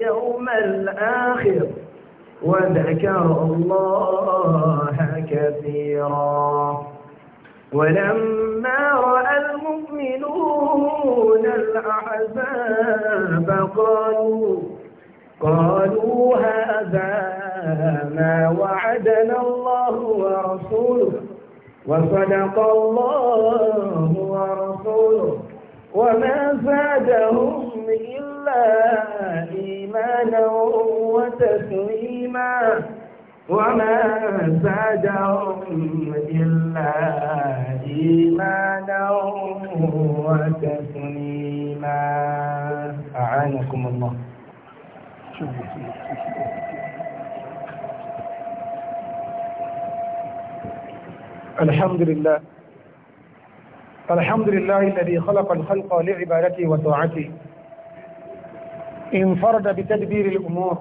يوم الآخر وذكر الله كثيرا ولما رأى المؤمنون الأحزاب قالوا قالوا هذا ما وعدنا الله ورسوله وصدق الله ورسوله وما زادهم إلا إيمانا وتسليما وما زادهم إلا إيمانا وتسليما أعانكم الله الحمد لله الحمد لله الذي خلق الخلق لعبادته وطاعته انفرد بتدبير الأمور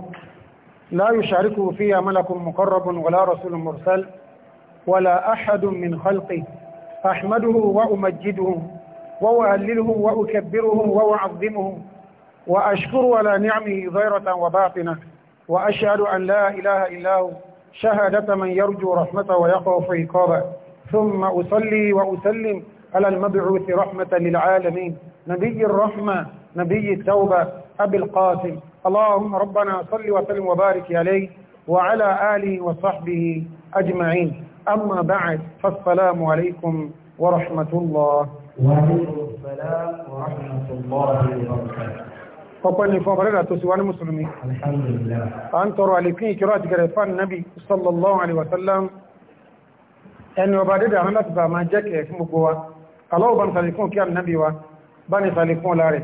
لا يشاركه فيها ملك مقرب ولا رسول مرسل ولا أحد من خلقه أحمده وأمجده وأهلله وأكبره وأعظمه وأشكر على نعمه ظاهرة وباطنة وأشهد أن لا إله إلا هو شهادة من يرجو رحمته في عقابه ثم أصلي وأسلم على المبعوث رحمة للعالمين نبي الرحمة نبي التوبة أبي القاسم اللهم ربنا صل وسلم وبارك عليه وعلى آله وصحبه أجمعين أما بعد فالسلام عليكم ورحمة الله وعليكم السلام ورحمة الله وبركاته ọ̀pọ̀ ni fún ọmọdé tó síwá ní musulmi. a ń tọrọ alìkín ìkírọ̀ àti gẹ̀rẹ̀ fún nabi sallallahu alaihi wasallam ẹni ọba dédà hàn láti bá máa jẹ́ kẹ̀ fún gbogbo wa aláwọ̀bá ní sàlìkún kí a nabi wa bá ní sàlìkún láàrẹ̀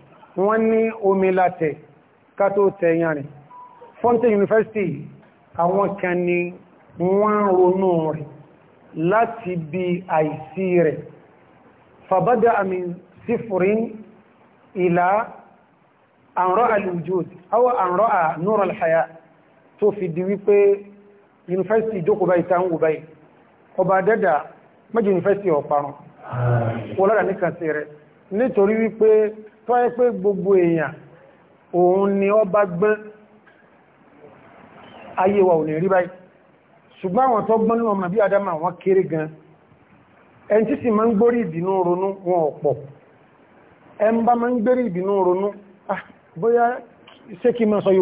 wọ́n ní omi látẹ̀ kátó tẹ̀yàn rẹ̀ Fountain University àwọn kan ni wọ́n ronú rẹ̀ láti bí àìsí rẹ̀ fàbádà àmì sífùrín ìlà àrọ́ al-wujud àwọn àrọ́ à nur al-haya tó fi di wípé yunifásitì jókòó báyìí tán wù báyìí ọba dẹ́dà mẹ́jì yunifásitì ọ̀parun wọ́lára ní kàtí rẹ̀ nítorí wípé tó yẹ gbogbo èèyàn òun ni ọ bá gbọ́n ayé wa ò ní rí báyìí ṣùgbọ́n àwọn tó gbọ́n ọmọ bí adama wọn kéré gan ẹn tí sì máa ń gbórí ìbínú ronú wọn ọ̀pọ̀ ẹn bá máa ń gbórí ìbínú ronú ah, bóyá ṣé kí mọ́ sọ tí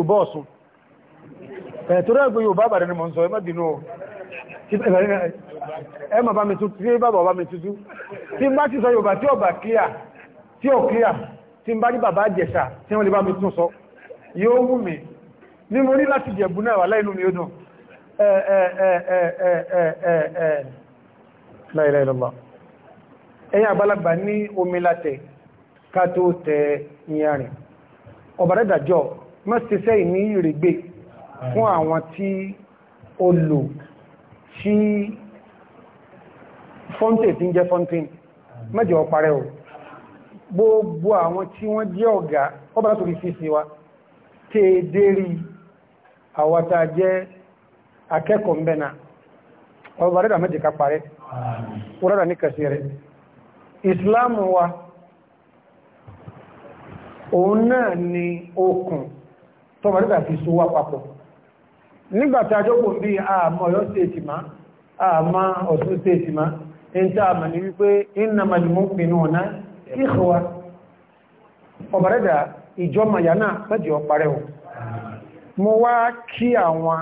tí ń bá ní bàbá jẹ̀ṣà tí wọ́n lè bá mi tún sọ yóò wù mí ní mo ní láti jẹ̀bù náà wà láìnú mi ó dùn láìláìlọ́lá ẹ̀yìn àgbàlagbà ní omi látẹ̀ ká tó tẹ ìyàrin ọ̀bàrẹ́dàjọ́ mọ́síṣẹ́ ìní ìrègbè gbogbo àwọn tí wọ́n jẹ́ ọ̀gá ọba látòrí fífí wa tèèdèrí àwàtà jẹ́ akẹ́kọ̀ọ́ mẹ́na ọba rẹ̀dà mẹ́jẹ̀ká parẹ́ ọ̀rọ̀dà ní kẹsì rẹ̀ wa òun náà ni okùn tọba rẹ̀dà fi so wá papọ̀ nígbàtà àjọ́pọ̀ bí àmọ́ ọ̀yọ́ má ìkọwà ọ̀bàrẹ́dà ìjọ mayana mẹ́jì ọparẹ́ o mo wá kí àwọn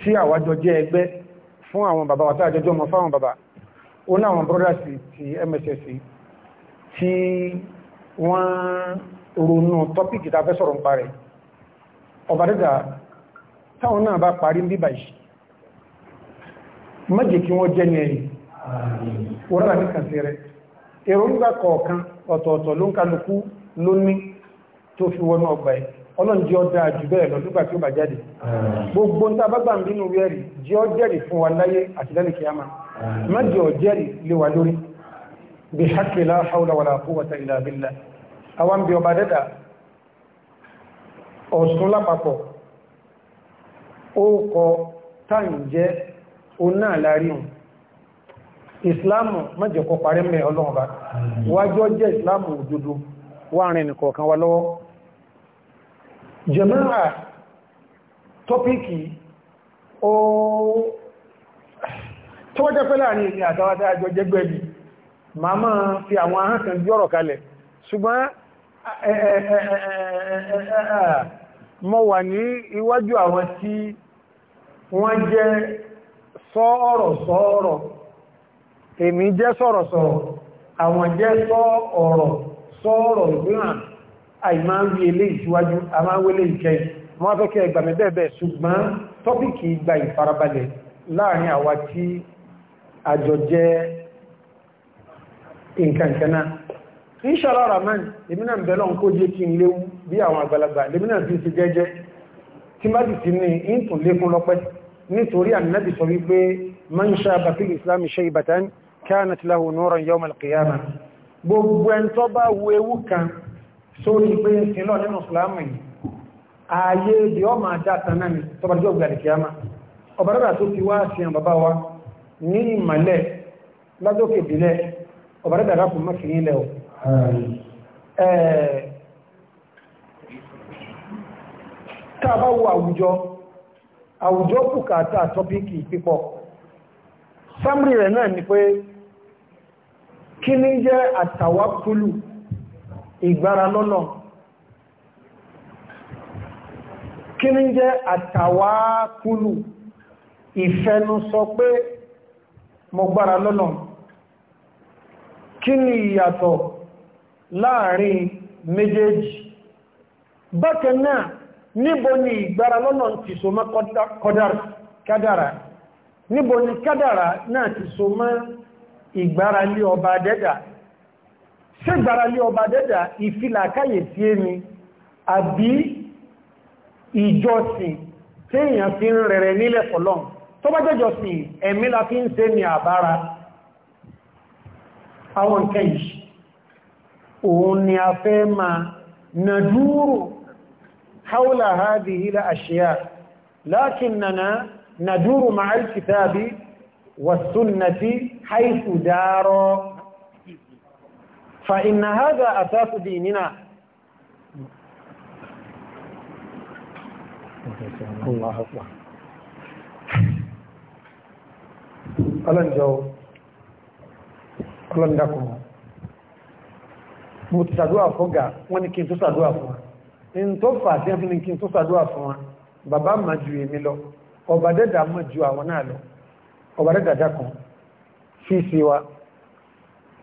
tí àwájọ jẹ́ ẹgbẹ́ fún àwọn bàbá wà tààjọjọ́ mọ̀ fáwọn bàbá ó ní àwọn brothers ti MSSC tí wọ́n ronú tọ́pìkì ta fẹ́ sọ̀rọ̀ parẹ́ ọ̀bàrẹ́dà táwọn náà bá parí bíbà yìí mẹ́jì kí wọ́n jẹ́ ní ẹ̀yìn wọ́n rà ní kàṣẹ́rẹ́ èròǹgbà kọ̀ọ̀kan ọ̀tọ̀ọ̀tọ̀ ló ń kálukú ló ní tó fi wọnú ọgbà ẹ̀ ọlọ́run jẹ́ ọdá jù bẹ́ẹ̀ lọ nígbà tí ó bà jáde gbogbo ń tàbágbà ń bínú rẹ̀rì jẹ́ ọ jẹ́rì fún wa láyé àti lẹ́nu la wala quwwata illa billah àwọn bí ọba dẹ́dà ọ̀sùn lápapọ̀ ó kọ táǹjẹ́ onáà ìsìláàmù mọ́jẹ̀ kọ parí mẹ́ ọlọ́run bá wájọ́ jẹ́ ìsìláàmù òdodo wáàrin nìkọ̀ọ̀kan wa lọ́wọ́ tọ́píkì o tó wọ́n jẹ́ ní àjọ ma máa fi àwọn bí ọ̀rọ̀ kalẹ̀ ṣùgbọ́n wà ní iwájú àwọn tí wọ́n jẹ́ èmi jẹ́ sọ̀rọ̀sọ̀rọ̀ àwọn jẹ́ sọ ọ̀rọ̀ sọ́ọ̀rọ̀ ìgbìyàn àìmá ń rí ilé ìṣíwájú a máa ń wélé ìkẹ́ wọ́n fẹ́ kẹ́ ẹgbàmẹ́ bẹ́ẹ̀bẹ́ ṣùgbọ́n tọ́pìkì ìgbà ìfarabalẹ̀ láàrin àwa tí àjọ jẹ́ lemina ń bẹ̀lọ́n kó jẹ́ kí lemina fi ti jẹ́jẹ́ tí má ti ti ní ìtùnlékún lọ́pẹ́ nítorí ànábì sọ wípé kanat lahu nuran yawm al-qiyamah gbogbo ẹn tó bá wo ewu kan sórí pé ń sin lọ nínú ìsìlámù yìí ààyè èdè ọmọ àdáta náà ni tó bá jọ gbà al-qiyama ọba rẹ̀ tó fi wá sí àwọn bàbá wa ní ìmọ̀lẹ̀ ládókè ìbílẹ̀ ọba rẹ̀ dàrá fún mọ́kì nílẹ̀ o tá bá wo àwùjọ àwùjọ kùkà àtà tọ́píkì pípọ̀ sámúrì rẹ̀ náà ni pé kí ní jẹ́ àtàwákúlù ìgbára lọ́nà kí ní jẹ́ àtàwákúlù ìfẹnu sọ pé mo gbára lọ́nà kí ni ìyàtọ̀ láàrin méjèèjì bákan náà níbo ni ìgbára lọ́nà ti so mọ́ kádàrà níbo ni kádàrà náà ti so mọ́ ìgbáralé ọba dẹ́dà ṣé ìgbáralé ọba dẹ́dà ìfìlàkáyè sí ẹni àbí ìjọsìn tí èèyàn fi ń rẹ̀rẹ̀ nílẹ̀ fọ́lọ́n tó bá jẹ́jọ sí ẹ̀mí la fi ń ṣe ní àbára àwọn nǹkan òun ni a fẹ́ ma na dúró haula hadhihi la ashiya lakinnana na dúró ma'al kitabi wa sunnati حيث داروا فإن هذا أساس ديننا الله أكبر ألن جو ألن دكم in fífí wa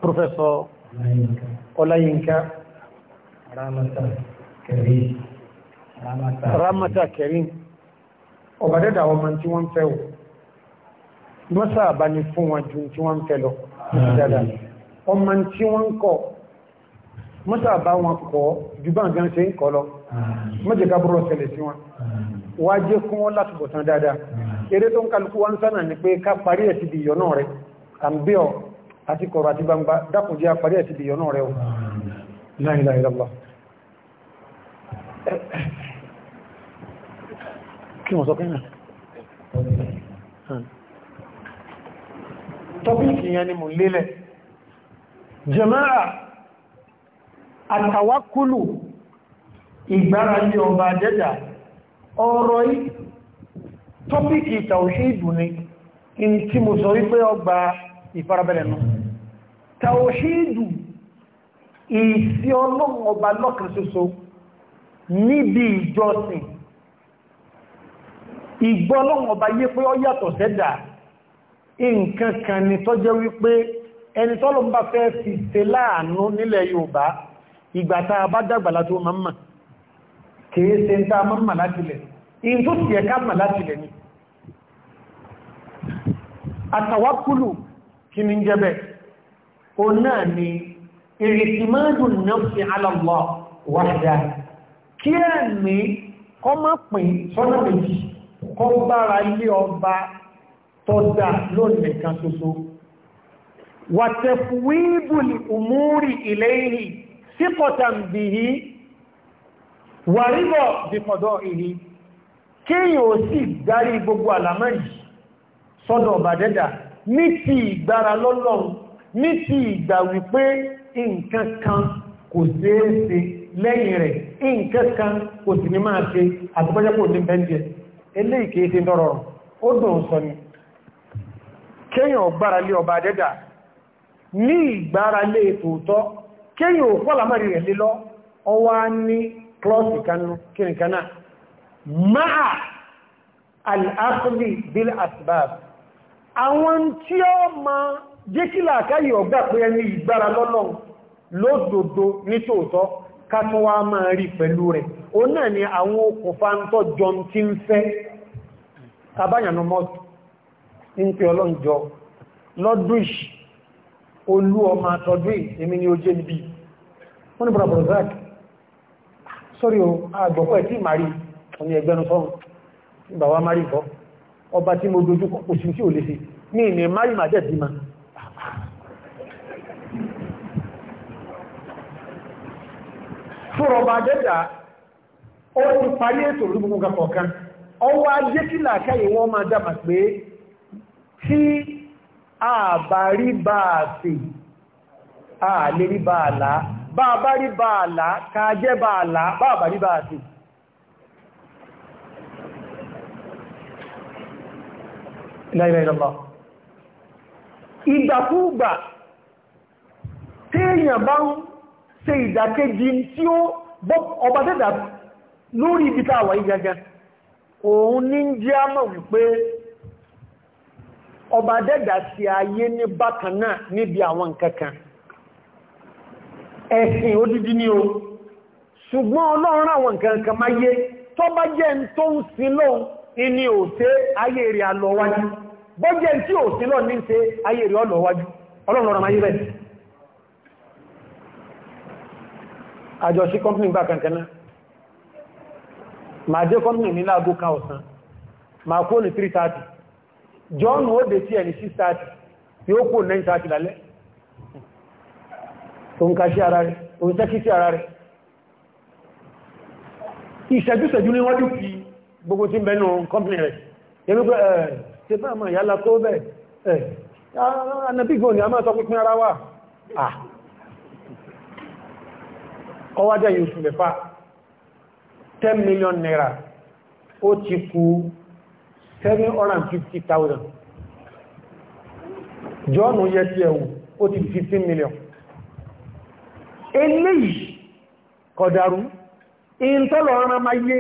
púrọfẹ́sọ ọláyínká ramata Kerim, ọba dẹ́dà ọmọ tí wọ́n fẹ́ wò mọ́sá àbá ni fún wọn jù tí wọ́n fẹ́ lọ ọmọ tí wọ́n ń kọ́ mọ́sá àbá wọn kọ́ jùbá gan ṣe ń kọ́ lọ mọ́jẹ̀ká búrọ̀ ṣẹlẹ̀ sí wọn wá kún wọ́n láti dáadáa eré tó ń kálukú wá sánà ní pé ká parí ẹ̀ sí ìyọ̀ náà rẹ̀ àmbíọ̀ àti kọ̀rọ̀ àti gbangba dákùn jẹ́ àparí ẹ̀sì ìbìyàn náà rẹ̀ o la ilaha illallah kí wọ́n sọ kẹ́nà tọ́pìkì yẹn ni mò ń lélẹ̀ jẹ́mẹ́rà àtàwákúlù ìgbára ní ọba àjẹ́jà ọ̀rọ̀ yìí tọ́pìkì tàwíṣẹ́ ìdù ni ìní tí mo sọ wípé ọgbà ìfarabalẹ̀ nù tàwọ̀ṣídù ìsí ọlọ́run ọba lọ́kàn ṣoṣo níbi ìjọsìn ìgbọ́ ọlọ́run ọba yé pé ó yàtọ̀ sẹ́dà nǹkan kan ni tó jẹ́ wípé ẹni tọ́lọ́run bá fẹ́ fi ṣe láàánú nílẹ̀ Yorùbá ìgbàta bá dàgbàlá tó máa mọ̀ kìí ṣe ń tá máa mọ̀ látilẹ̀ in tó sì ẹ̀ká mọ̀ látilẹ̀ ni àtàwákùlù kí ní jẹ́bẹ̀ o náà ni ìrìtìmọ́dùn nafsi ala Allah wahda kí ẹ̀ ní kọ́ má pín sọ́nà méjì kọ́ bára lé ọba tọ́dá lónìí kan ṣoṣo wàtẹ̀fúwíbùl umúrì ilayhi síkọ̀tàn bihi wàríbọ̀ bíkọ̀dọ̀ ìhì kíyàn ò sì darí gbogbo àlàmọ́ yìí sọ́dọ̀ ọba ní ti ìgbára lọ́lọ́run ní ti ìgbà wípé nǹkan kan kò ṣeéṣe lẹ́yìn rẹ̀ nǹkan kan kò sì ní máa ṣe àtúgbọ́jẹ́pò ní bẹ́ńdẹ̀ eléyìí kìí ṣe ó dùn sọ ni kéyàn gbára lé ọba dẹ́dà ní ìgbára lé tòótọ́ kéyàn rẹ̀ ọwá ní kanú àwọn tí ó ma jékílà káyì ọgbà pé ẹni ìgbára lọ́lọ́run lódòdó ní tòótọ́ ká máa rí pẹ̀lú rẹ̀ ó náà ni àwọn okùnfà ń tọ́ jọ tí ń fẹ́ tàbáyànà mọ́tù ń pè ọlọ́njọ lọ́dúnṣ olú ọmọ àtọ́dún èmi ni ó jẹ́ níbi wọ́n ni bọ̀rọ̀ bọ̀rọ̀ zak ọba tí mo dojú kọ òsìn tí ò lè ṣe ní ìní mari madẹ́ ti ma fúrọ̀bà dẹ́dà ó ti parí ètò olúgbogbo kọ̀ọ̀kan ọwọ́ ajé kí làkáyè wọ́n máa dábà pé tí àbárí bá àfè àlérí bá àlá bá àbárí bá àlá kàájẹ́ bá àlá bá àbárí bá àfè láìláìlọ́lá ìgbàkúgbà téèyàn bá ń ṣe ìdàkejì tí ó ọba tẹ́dà lórí ibi táwà ìgagá òun ní jẹ́ àmà wípé ọba dẹ́dà sí ayé ní níbi àwọn ẹ̀sìn odidi ni o ṣùgbọ́n ọlọ́run àwọn nǹkankan máa yé tọ́bá jẹ́ ń tó ń sin lóhun òtẹ́ ayé alọ́wájú bọ́jẹ́ tí ò sí lọ ní ṣe ayé rí ọlọ̀ wájú ọlọ́run ọ̀rọ̀ ayé rẹ̀ kọ́mpínì ma jẹ́ kọ́mpínì ní láàgó ká ọ̀sán ma kó ní 330 john ó dé tí ẹni 630 yóò kó 930 lálẹ́ tó ń ara ara ní wọ́n dùn gbogbo tí ń kọ́mpínì ṣe bá àmà ìyálà tó bẹ̀ ẹ̀ anàbígbò ni a máa sọ pínpín ara wà ọwájá yìí oṣù mẹ́fà 10 million naira ó ti kú 750,000 jọ́nù yẹ ti ẹ̀wù ó ti 15 million eléyìí kọ̀dàrú in ọ̀rọ̀ ma yé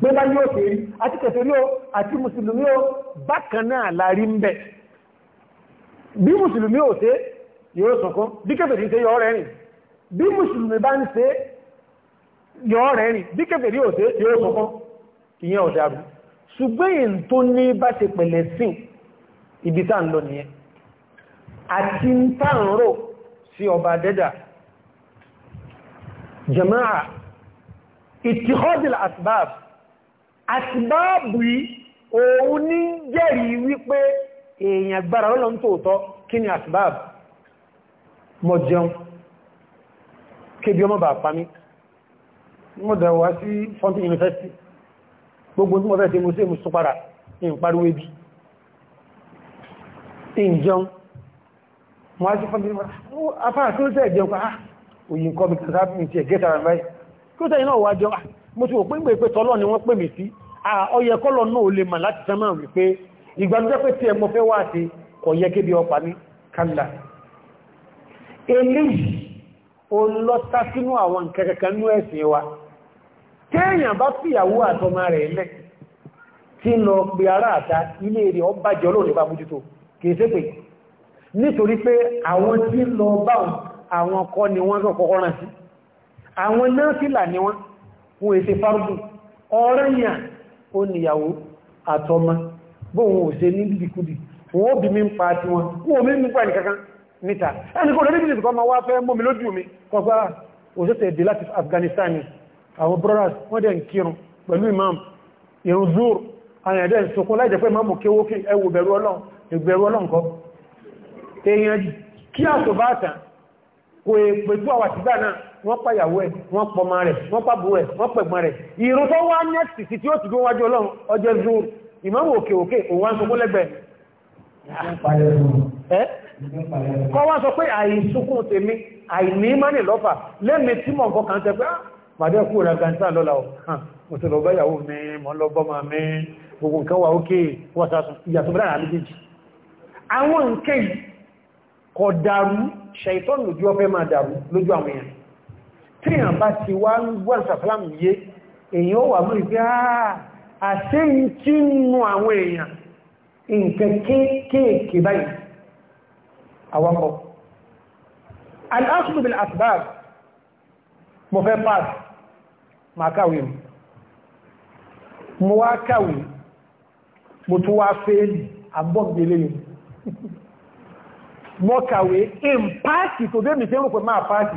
pé bá yóò fèrí àti kẹfẹ́ ní àti mùsùlùmí ó bákan náà lárí ń bẹ̀ bí mùsùlùmí ò tẹ́ yóò sọ̀kọ́ bí kèfèrí tẹ́ yọ rẹ̀ rìn bí mùsùlùmí bá ń tẹ́ yọ rẹ̀ rìn bí kèfèrí ò tẹ́ yóò sọ̀kọ́ ìyẹn ọ̀dàrú ṣùgbẹ́yìn tó ní bá ṣe pẹ̀lẹ̀ sín ibi tá ń lọ yìí òun ní jẹ́rìí wípé èèyàn gbára lọ́nà tóòtọ́ kí ni asbab mọ̀ jẹun kébí ọmọ bà pàmí mọ́ dẹ̀wà sí fountain university gbogbo tí mọ́ fẹ́ tí mo sí èmùsùn padà in pariwo ebi in jẹun mọ́ á sí fountain university afáà ah, kí ó tẹ́ jẹun pàá òyìn kọ́ ọyẹ kọ́lọ̀ náà lè mà láti sánmà wípé ìgbàmjẹ́ pé tí ẹmọ fẹ́ wá sí ọ̀yẹ kébí ọpa ní kàlà eléyìí o lọ sásínú àwọn kẹkẹkẹnú ẹ̀sìn wa téèyàn bá fìyàwó àtọmọ rẹ̀ lẹ̀ tí lọ pè ara àta ilé rẹ̀ ọ bàjẹ́ olóòrẹ̀ bá bójútó pé nítorí pé àwọn tí lọ báwọn àwọn kọ́ ni wọ́n kọ́kọ́ rántí àwọn náà fìlà ni wọ́n wọ́n èsè fárúdù ọ̀rẹ́yàn ó níyàwó àtọmọ bóhun ò ṣe ní dìdìkudì wọ́n ó bí mi ń pa ti wọn kú omi ń pa nìkankan níta ẹni kò lórí bìbìsì kan ma wá fẹ́ mọ́ mi lójú mi kọgbá òṣètẹ̀ èdè láti Afghanistan àwọn brothers wọ́n dẹ̀ ń kírun pẹ̀lú imam irun zur àwọn ẹ̀dẹ́ ìsokún láìjẹ́ pé imamu kéwókè ẹwù bẹ̀rù ọlọ́run kọ́ èèyàn kí àtò bá tàn wọ́n pàyàwó ẹ̀ wọ́n pọmọ rẹ̀ wọ́n pàbò rẹ̀ wọ́n pẹ̀gbọ́n rẹ̀ ìrun tó wá nẹ́ẹ̀sì sí tí ó ti dó wájú ọlọ́run ọjọ́ zuru ìmọ̀wò òkè òkè òun wá ń sọkún lẹ́gbẹ̀ẹ́ kọ́ wá sọ pé àìsùnkún tèmi àìní mánì lọ́fà lẹ́mi tí mọ̀ nǹkan kan tẹ́ pé pàdé ah, ẹkú rẹ̀ gàǹtà lọ́la ọ̀ mo ti lọ báyàwó mi mọ́ lọ bọ́mọ mi gbogbo nǹkan wà ókè wọ́n sàtún ìyàtọ̀ bẹ́rẹ̀ àmìjèjì àwọn nǹkan kọ̀ dàrú ṣẹ̀ìtọ́ lójú ọfẹ́ máa dàrú lójú àwọn èèyàn tíyàn bá ti wá ń gbọ́n sàfàlámù yé èyàn ó wà mú ìgbé àṣẹ ń tí nù àwọn èèyàn nǹkan kéèkéèké báyìí àwọ́kọ́ al-akhdu bil-asbab mo fẹ́ pass ma káwé mo wá káwé mo tún wá fẹ́ẹ̀lì àbọ́gbélé mo kàwé in pàtì tó dé mi fẹ́rùn pẹ̀ máa pàtì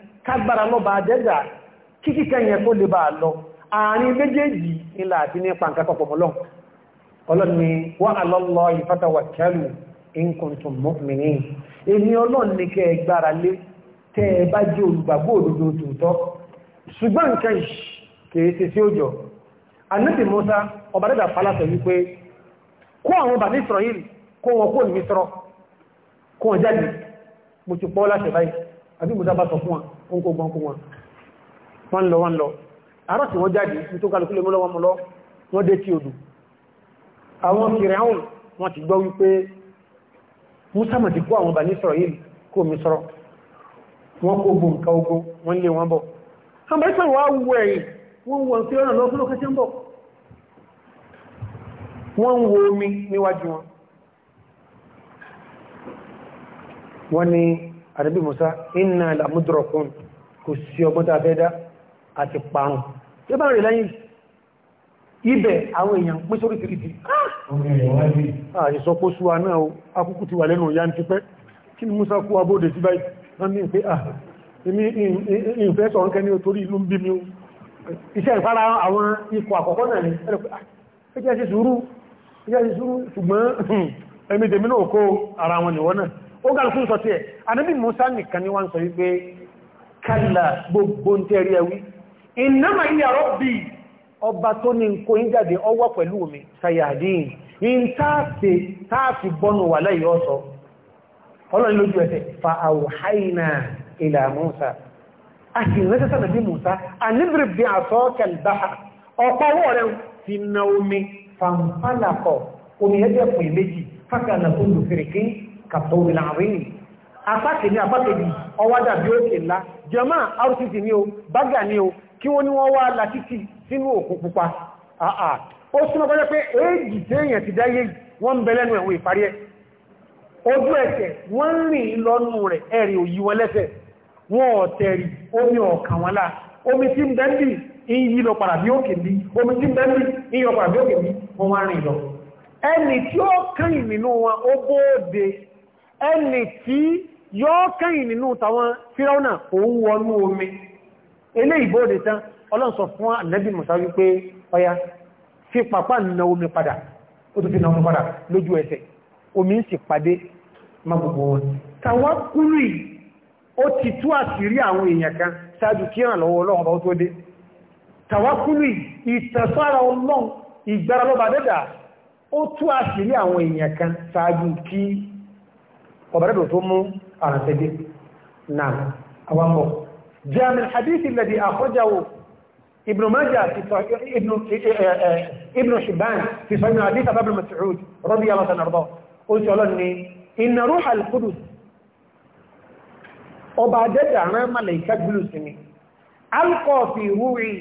kágbára lọ́ba àdẹ́dà kíkí kẹyìn ẹ̀kọ́ lè bá lọ àárín méjèèjì ilá àti ní pàǹkàkọ̀pọ̀ mọ́lọ́n ni wa 'ala Allahi fatawakkalu in kuntum mu'minin èmi ọlọ́run ní kẹ́ gbára lé tẹ́ ẹ bá jẹ́ olùgbàgbọ́ òdodo tòótọ́ ṣùgbọ́n nǹkan kìí ṣe sí òjò anábì Musa ọba dẹ́dà palasọ̀ wípé kó àwọn bàbá Israel kó wọn kó ní sọ́rọ̀ kó wọn jáde mo ti pọ́ láṣẹ báyìí àbí Musa bá sọ fún wọn ń kó gbọ́nkú wọn wọ́n lọ wọ́n lọ àárọ̀ tí wọ́n jáde ní tó kálukú lè mọ́lọ́wọ́ mọ́lọ́ wọ́n dé tí odò àwọn kìrìáhùn wọ́n ti gbọ́ wípé Musa mọ̀ ti kó àwọn bà ní sọ̀rọ̀ yìí kó mi sọ̀rọ̀ wọ́n kó gbò nǹkan ogun wọ́n lé wọn bọ̀ wọ́n wo omi níwájú wọn wọ́n ni àdébí musa iná ìlàmúdùrọ̀kún kò sí ọgbọ́n tàà fẹ́ dá àti parun tí ó bá rìn lẹ́yìn ibẹ̀ àwọn èèyàn pín sórí tìrìtì àìsọ pósù wa náà akúkú ti wà lẹ́nu ìyá ti pẹ́ kí ni musa kú abóde sí báyìí wọ́n ní pé ah ìfẹ́ sọ̀rọ̀ kẹ́ ní torí ìlú ń bí mi ni ẹjẹ́ ah, sí sùúrù ṣùgbọ́n hmm, ẹmí tèmi náà kó ara wọn ó gàlù fún sọtí ẹ̀ anábì musa nìkan ni wọ́n sọ wípé kàlà gbogbo ń tẹ́rí ẹwí ìnáma ilẹ̀ rọ́bì ọba tó ní nǹkó ń jáde ọwọ́ pẹ̀lú omi sayadin in táàfì táàfì fa àwòháìnà ilẹ̀ musa a sì rẹ́ sẹ́sẹ́ musa àníbìrìbì àtọ́ kẹlbáhà ọ̀pọ̀ ọwọ́ rẹ̀ fi na omi fàǹfàlàkọ̀ omi ẹgbẹ́ pè méjì fákànà olùfèrèkín kàtọ́wìn àárín apákejì apákejì ọwá dàbí òkè ńlá jẹmọ́ rcc ní o bága ní o kí wọ́n ní wọ́n wá látítì sínú òkú pupa àà ó súnmọ́ kọjá pé èjì tí èèyàn ti dáyé wọ́n bẹ lẹ́nu ẹ̀wọ̀n ìparí ẹ̀ ojú ẹsẹ̀ wọ́n ń rìn lọ́nù rẹ̀ ẹ̀rì òyí wọn lẹ́sẹ̀ wọ́n ọ̀tẹ̀rì omi ọ̀kàn wọn láà omi tí ń bẹ́ndì ìyí lọ padà òkè bí omi tí ń bẹ́ndì ìyí lọ padà òkè bí wọ́n wá rìn lọ ẹni tí ó kàn ìrìnà wọn ó bóòdè ẹni tí yóò kẹ́yìn nínú tàwọn fíráúnà òun wọnú omi ilé ìbóòdè tán ọlọ́run sọ fún ànẹ́bì Mùsá wípé ọya fi pàpá na omi padà ó tó fi na omi padà lójú ẹsẹ̀ omi ń sì pàdé má gbogbo wọn tàwọn kúrú yìí ó ti tú àṣírí àwọn èèyàn kan ṣáájú kí ràn lọ́wọ́ ọlọ́run bá ó tó dé tàwọn kúrú ìtẹ̀sára ọlọ́run ìgbára ó tú àṣírí àwọn èèyàn kan ṣáájú kí ọ̀bẹ̀rẹ̀dọ̀ tó mú àrẹ̀sẹ̀dé náà àwọ̀mọ̀ jẹ́min hadithi lẹ́dí àkọjáwò ibn majah eh, eh, eh, ibn shibban fi sọ inú hadith abábin mas'ud rọ́bí yalọ́ta nàrọ́ ó sì ọlọ́ ni inna ruha al-qudus ọba jẹ́jà rán malaika gbìlù sí mi alkọ̀ọ̀fì rúrí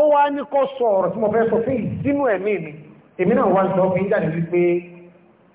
ọwá ní kọ́ sọ̀rọ̀ tí mo fẹ́ sọ fún ìdínú ẹ̀mí mi èmi náà wá ń sọ fún ìjáde wípé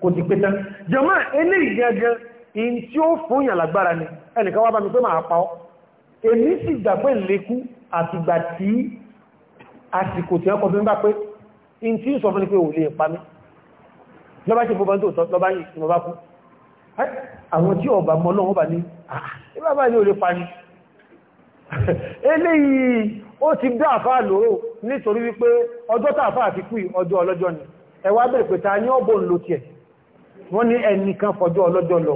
kò ti pétán jọmọ́ ilé ìgẹ́gẹ́ in tí ó fún ìyàn ni ẹnìkan wá bá mi pé máa pa ọ́ èmi sì gbàgbé lékú àtìgbà tí àsìkò tí ọkọ̀ fi ń bá pé in tí ń sọ fún ní pé ò lè pa mí lọ́bá ṣe fún tó lọ́bá yìí lọ́bá kú àwọn tí ọba mọ́ lọ́wọ́ bà ní ìbábá ní ò ọjọ́ tààfáà ti kú ọjọ́ ọlọ́jọ́ ni ẹwà bẹ̀rẹ̀ pẹ̀ta ní ọbọ̀ ń wọ́n ní kan fọjọ́ ọlọ́jọ́ lọ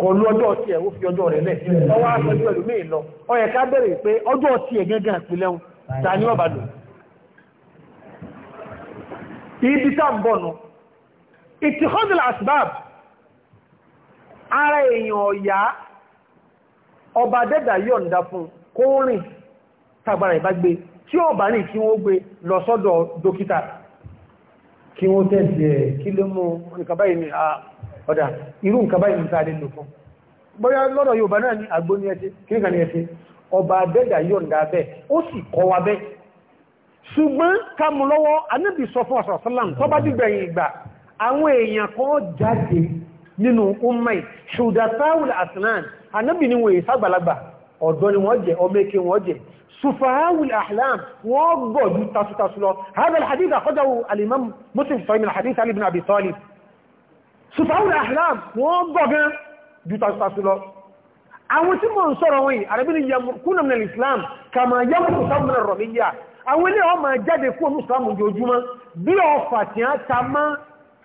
kọlu ọjọ́ tí ẹ̀ ó fi ọjọ́ rẹ̀ lẹ̀ ọwọ́ àpẹjú ẹ̀lú mí lọ ọyẹ̀ ká bẹ̀rẹ̀ pé ọjọ́ tí ẹ̀ gẹ́gẹ́ àpilẹ̀un ta ní ọ̀bàdù ibi sáàbọ̀nù ìtìkọ́dìlà asbab ara èèyàn ọ̀yá ọba dẹ́dà yọ̀ǹda fún kó rìn tagbara ìbágbé tí ó bá kí wọ́n tẹ́sì ẹ̀ kí ló mú nǹkan báyìí ní ah, ọ̀dá irú nǹkan báyìí ní sáà lè lò fún bóyá lọ́dọ̀ Yorùbá náà ní àgbó ní ẹ̀ṣẹ́ kíríkà ní ẹ̀ṣẹ́ ọba abẹ́dà yọ̀ǹda bẹ́ ó sì kọ́ wa bẹ́ ṣùgbọ́n kámú lọ́wọ́ anábì sọ fún ọ̀sọ̀sọ́lá tó bá سفهاء الأحلام وقعد تاسو تاسو له هذا الحديث أخذه الإمام مسلم في من الحديث علي بن أبي طالب سفهاء الأحلام وقعد تاسو تاسو له àwọn tí mọ̀ ń sọ́rọ̀ wọ́n yìí àrẹ́bìnrin yamurkuna min al-islam kama yamurkuta min ar-ramiyya àwọn ilé ọmọ jáde kú omi islam ojoojúmọ́ bí ọfà tí a ta má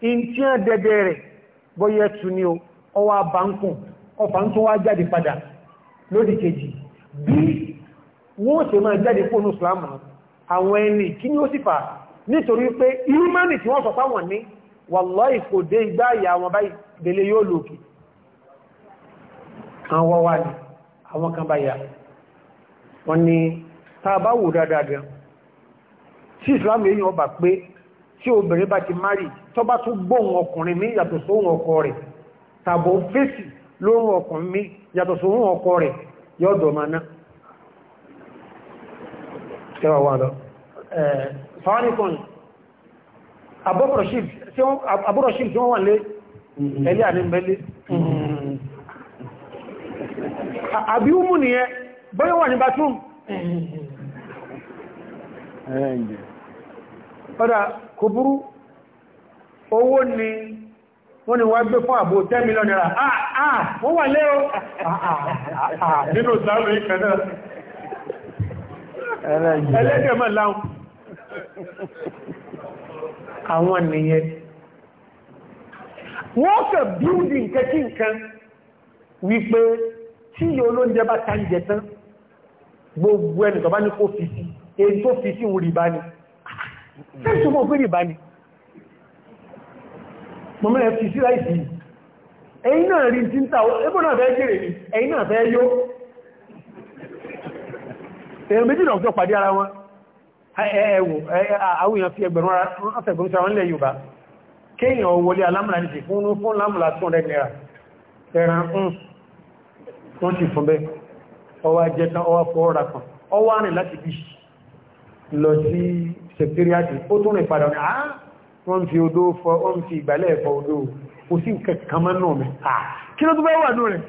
in tí a dẹ̀dẹ̀ rẹ̀ bọ́yẹ̀ tún ní ọwọ́ abáǹkùn ọfà ń tún wá jáde padà lódì kejì bí wọ́n ṣe máa jáde fóònù islam àwọn ẹni kí ni ó sì fà nítorí pé imani tí wọ́n sọ páwọn ní wàlláhì kò dé igbá ìyá wọn báyìí délé yóò àwọn wà kan báyà wọ́n ni tàbá wò dáadáa gan ọba pé tí obìnrin bá ti márì tó bá tún gbóhùn ọkùnrin mi yàtọ̀ ọkọ rẹ̀ tàbí fèsì ọkùnrin ọkọ rẹ̀ yọ́dọ̀ náà kẹwàá wà lọ fàáríkùn abúrọ̀ṣìp tí wọ́n wà lé mm-hmm. ẹlẹ́ àníbẹ̀lẹ́ mm-hmm. àbí ó mú nìyẹn bọ́yọ́ wà ní bathroom ọ̀dá mm-hmm. kò burú owó ni wọ́n ni wá gbé fún àbò 10 mílíọ̀nù náírà àà wọ́n wà lé o ah ah ah, ah, ah nínú ìsìlámù ìkẹ́ náà ẹlẹ́dẹ̀ mọ̀ láhùn àwọn nìyẹn wọ́n kẹ̀ bíúdì nǹkan kí nǹkan wípé tí olóúnjẹ bá ta ń jẹ tán gbogbo ẹni tó bá ní kó fi sí èyí tó fi sí òun rìbá ni tẹ́sùn mọ́ pé rìbá ni mọ́ mẹ́rin fi sí láìsí ẹ̀yìn náà rí tí ń ta ẹgbọ́n náà fẹ́ jèrè ẹ̀yìn náà fẹ́ yóò èèyàn méjì náà jọ pàdé ara wọn ẹ̀ẹ̀wò àwọn èèyàn fi ẹgbẹ̀rún ọ̀fẹ̀gbẹ̀rún sáwọn ilẹ̀ Yorùbá kéèyàn wọlé alámùlà ní ti fún fún lámùlà 200 naira ẹran ń hmm, wọ́n ti fún bẹ́ ọwá jẹta ọwá fọ́ọ̀rà kan ọwá rìn láti bí lọ sí sẹ̀kẹ́ríàtì ó tún rìn padà ní àá wọ́n fi odó fọ́ wọ́n fi ìgbàlẹ̀ ẹ̀fọ́ odó kò sí kẹkàmánà mẹ́ kí ló tún bẹ́ wà ní rẹ̀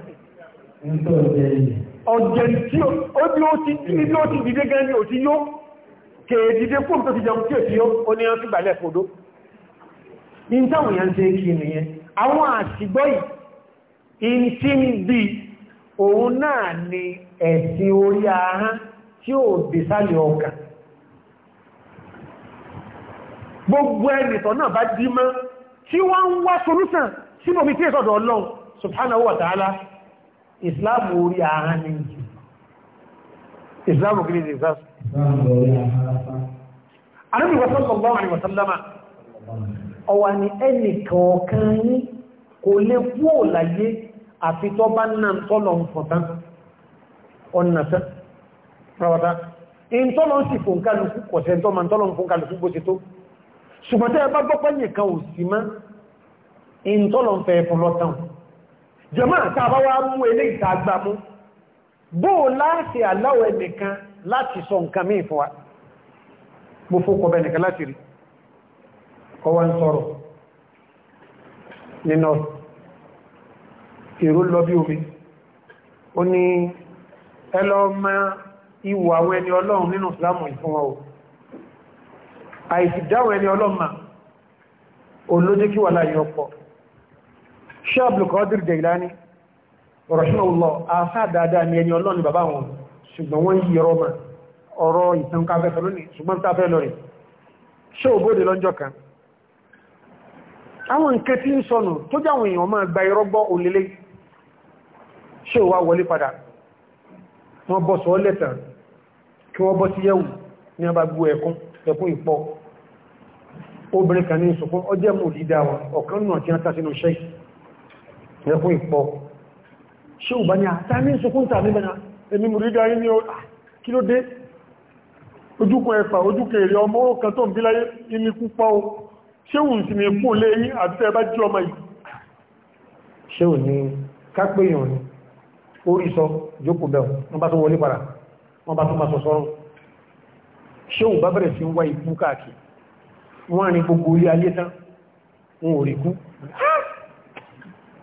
ọ̀jẹ̀ tí ó bí ó ti ní bí ó ti dìde gẹ́gẹ́ ní òtí yó kèè dìde fún tó ti jẹun tí ó ti yó ó ní ọ́n sígbàlẹ̀ fòdó ní táwọn èèyàn ṣe kí nìyẹn àwọn àṣìgbọ́ yìí tí ń bí òun náà ni ẹ̀sìn orí ahán tí ó dé sálẹ̀ ọkà gbogbo ẹnìtọ̀ náà bá dí mọ́ tí wọ́n ń wá solúsàn sínú wa ta'ala ìsìláàmù orí ahọ́n ní jù ìsìláàmù kìí ní ìsìláàmù. àníbi wọ́sán sọ̀gbọ́n àni wọ́sán lámà ọwà ni ẹnì kọ̀ọ̀kan yín kò lè kú òláyé àfi tó bá náà tọ́lọ̀ ń fọ̀tán ọ̀nà tán rọ̀bàtà in tọ́lọ̀ ń sì fòǹkálùkù kọ̀sẹ̀ tọ́mà tọ́lọ̀ ń fòǹkálùkù bó ti tó ṣùgbọ́n tẹ́ bá gbọ́pẹ́ nìkan ò sí mọ́ in tọ́lọ̀ fẹ́ fún jọmọ́ àtàbá wá mú ilé ìtagbà mú bóò láti aláwọ̀ ẹnìkan láti sọ nǹkan mí fún wa mo fún kọ̀bẹ̀ nìkan láti rí ọwọ́ ń sọ̀rọ̀ nínú èrò lọ bí omi ó ní ẹlọ ma ìwò àwọn ẹni ọlọ́run nínú ìsìlámù ìfún wa o àìsìdáwọn ẹni ọlọ́run ma láyé ọpọ̀ Sheikh Abdul Qadir Jailani rahimahullah àfá dáadáa ni ẹni ọlọ́ni bàbá wọn ṣùgbọ́n wọ́n yí ọrọ̀ máa ọ̀rọ̀ ìtànkáfẹ́ sọlónì ṣùgbọ́n tàfẹ́ lọ rẹ̀ ṣe òbóde lọ́jọ́ kan àwọn nǹkan tí ń sọnù tó jáwọn èèyàn máa gba irọ́gbọ́ olélé ṣe wá wọlé padà wọ́n bọ́ sọ lẹ́tàn kí wọ́n bọ́ sí obìnrin kan ní ìsọkún ọjẹ́ mò lídá wọn ọ̀kan náà tí wọ́n tásínú ṣẹ́yìn ní ẹkùn ìpọ̀ ṣe ò bá ní àtàmí ìsìnkú tàbí mẹ́ta èmi mùrí dáyé ní kí ló dé ojúkùn ẹ̀fà ojúkùn èrè ọmọ kan tó ń bí láyé inú púpọ̀ o ṣe ò sì ní kú lé yí àtútẹ́ bá jí ọmọ yìí ṣe ò ní kápéyàn ní orí sọ jókòó bẹ̀rù wọ́n bá tó wọlé para wọ́n bá tó máa sọ sọ́rọ̀ ṣe ò bá bẹ̀rẹ̀ sí ń wá ikú káàkiri wọ́n rí gbogbo orí ayé tán wọn ò rí kú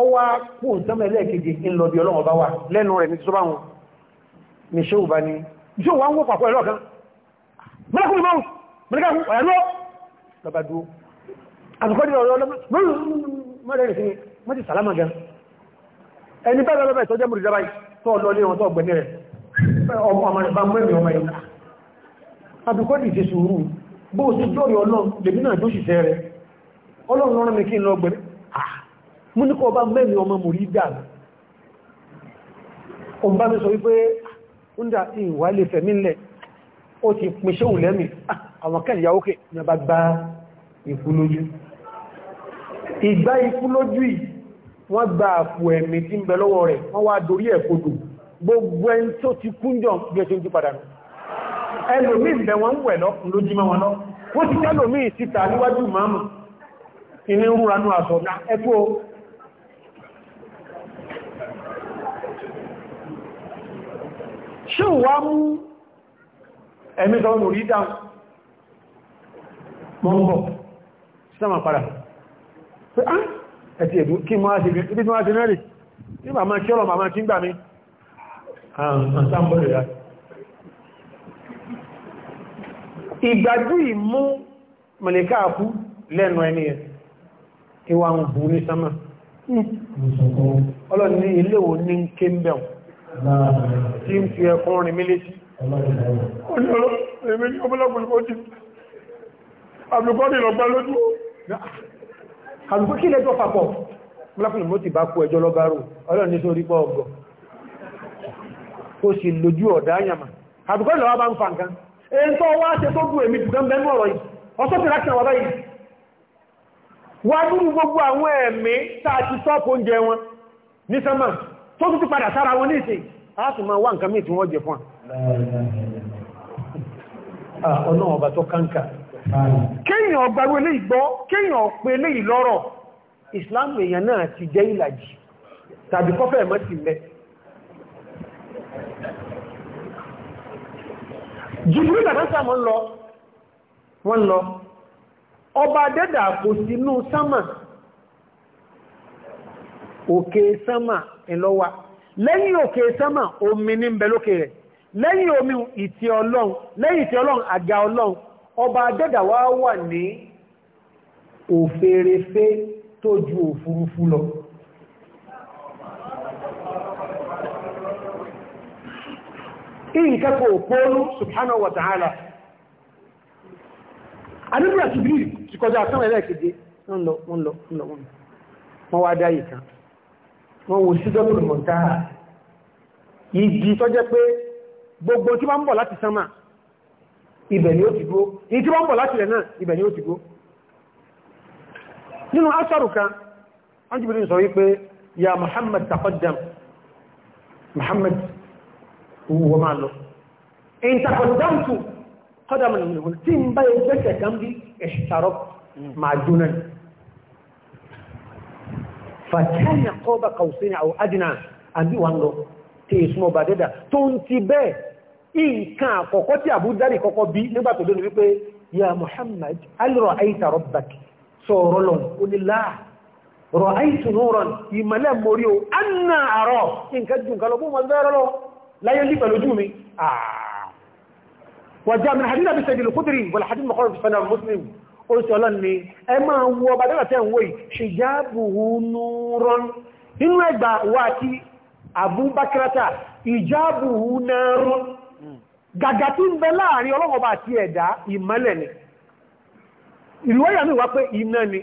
ọwá kú ìtọ́mọ̀ ẹlẹ́ẹ̀kejì ńlọbí ọlọ́wọ́ bá wà lẹ́nu rẹ̀ ní tó bá wọn ní ṣe ò bá ní ṣe ò wá ń wó pàpọ̀ ẹ̀rọ kan mẹ́lẹ́kùn mọ́rún mẹ́lẹ́kùn ọ̀yànlọ́ lọ́bá dúó àtùkọ́ dìrọ̀ ọ̀rọ̀ mọ́rẹ̀ sí mọ́tí sàlámà gan ẹni bẹ́ẹ̀ lọ́lọ́bẹ̀ tó jẹ́ mùrìdá báyìí tó lọ lé wọn tó gbẹ̀mí rẹ̀ ọmọ ọmọ rẹ̀ bá mú ẹ̀mí ọmọ yìí àtùkọ́ dì ti sùúrù bó o sí jọ́rì ọlọ́run lèmi náà tó ṣiṣẹ́ rẹ̀ ọlọ́run lọ́rọ̀ mi kí n lọ gbẹ̀mí mú ní kọ́ bá mẹ́rin ọmọ mùrídà òun bá mi sọ wípé ń dà ìwà lè fẹ̀mí lẹ̀ ó ti pínṣẹ́ òun lẹ́mì ah, àwọn kẹ́lìyà ókè ní ọba gbá ikú lójú ìgbá ikú lójú yìí wọ́n gba àpò ẹ̀mí tí ń bẹ lọ́wọ́ rẹ̀ wọ́n wá dorí ẹ̀ kodò gbogbo ẹni tó ṣe wá mú ẹ̀mí tọ́wọ́ mò rí dáun mọ́ ń bọ̀ sínáma padà pé á ah, ẹ̀tì ẹ̀dù kí mọ́ áṣe ibi tí wọ́n ṣe mẹ́rin ní màmá kí ọlọ̀ màmá kí ń gbà mí ìgbàjú ìmú mọ̀lẹ̀ká àkú lẹ́nu ẹni ẹ̀ ìwà ń bú ní sánmà tí ń fi ẹkùn rìn mílé tí ó ní ọlọ́pẹ̀ẹ́mẹ́ ní ọmọlọ́pùlùpọ̀ tí àbùkọ́dì lọ́gbà lójú àbùkọ́ kí lẹ́jọ́ papọ̀ ọlọ́pùlùpọ̀ ti bá kú ẹjọ́ lọ́gbàrù ọlọ́ ní sórí pọ̀ ọgọ́ ó sì lójú ọ̀dá àyàmà àbùkọ́dì lọ́wọ́ bá ń fa nǹkan èyí tó wá ṣe tó gùn èmi dùgbọ́n bẹ́ẹ̀ mọ̀rọ̀ yìí ọ̀sọ́ ti rákìnà wọ́n báyìí wá nínú gbogbo àwọn ẹ̀mí tá a ti sọ́ọ̀pù oúnjẹ wọn ní sẹ́mà tó tún ti padà sára wọn ní ìsìn a sì máa wá nǹkan mí tí wọ́n jẹ fún ah, ọ̀nà ọba tó kánkà kéèyàn ọgbàrú ilé ìgbọ́ kéèyàn pé ilé ìlọ́rọ̀ Islam èèyàn náà ti jẹ́ ìlàjì tàbí kọ́fẹ́ mọ́ sí mẹ́ jùlọ ìgbàdánsà mọ́ lọ wọ́n lọ ọba dẹ́dà kò sínú sámà òkè sánmà ẹ̀lọ́wà lẹ́yìn òkè sánmà omi ní ń omi ìtì ọlọ́run lẹ́yìn ìtì ọlọ́run àga ọlọ́run ọba adẹ́dà wá wà ní òfèrèfé ju òfurufú lọ subhanahu wa ta'ala adébúrà ti bí ti kọjá wọ́n lọ wọ́n lọ wọ́n lọ wọ́n wọ́n wo sídọ́tò mọ̀táà igi tó jẹ́ pé gbogbo tí wọ́n ń bọ̀ láti sánmà ibẹ̀ ni ó ti gbó ní tí wọ́n ń bọ̀ láti rẹ̀ náà ibẹ̀ ni ó ti gbó nínú asọ́rù kan wọ́n jùbìrì sọ wípé ya Muhammad taqaddam Muhammad wọ́n máa lọ in taqaddamtu qadaman minhu tí ń bá ẹgbẹ́sẹ̀ fàtẹ́nà kọ́bà kàùsínà àwọn adìnà àbí wọn lọ tí è súnmọ́ bà dẹ́dà tó ń ti bẹ́ẹ̀ nǹkan àkọ́kọ́ tí àbúdárì kọ́kọ́ bí nígbà tó lónìí wípé ya Muhammad alìrọ̀ àìta rọ́bàk sọ̀rọ̀ lọ onílá rọ̀ àìtù nùrọ̀n ìmọ̀lẹ̀ mórí o anna àrọ̀ nǹkan jù nǹkan lọ bó ah. hadith abi sajil kudri wal hadith maqarrab fi sanad muslim ó sọ ni ẹ máa wo ọba dára tẹ́ ń wòye ṣìjáàbùhù núrọ́n inú ẹgbà wà tí àbúbákírátà ìjáàbùhù náàrún gàgà tí ń bẹ láàrin ọlọ́wọ́ba àti ẹ̀dá ìmọ́lẹ̀ ni ìrìwọ́yà mi wá pé iná ni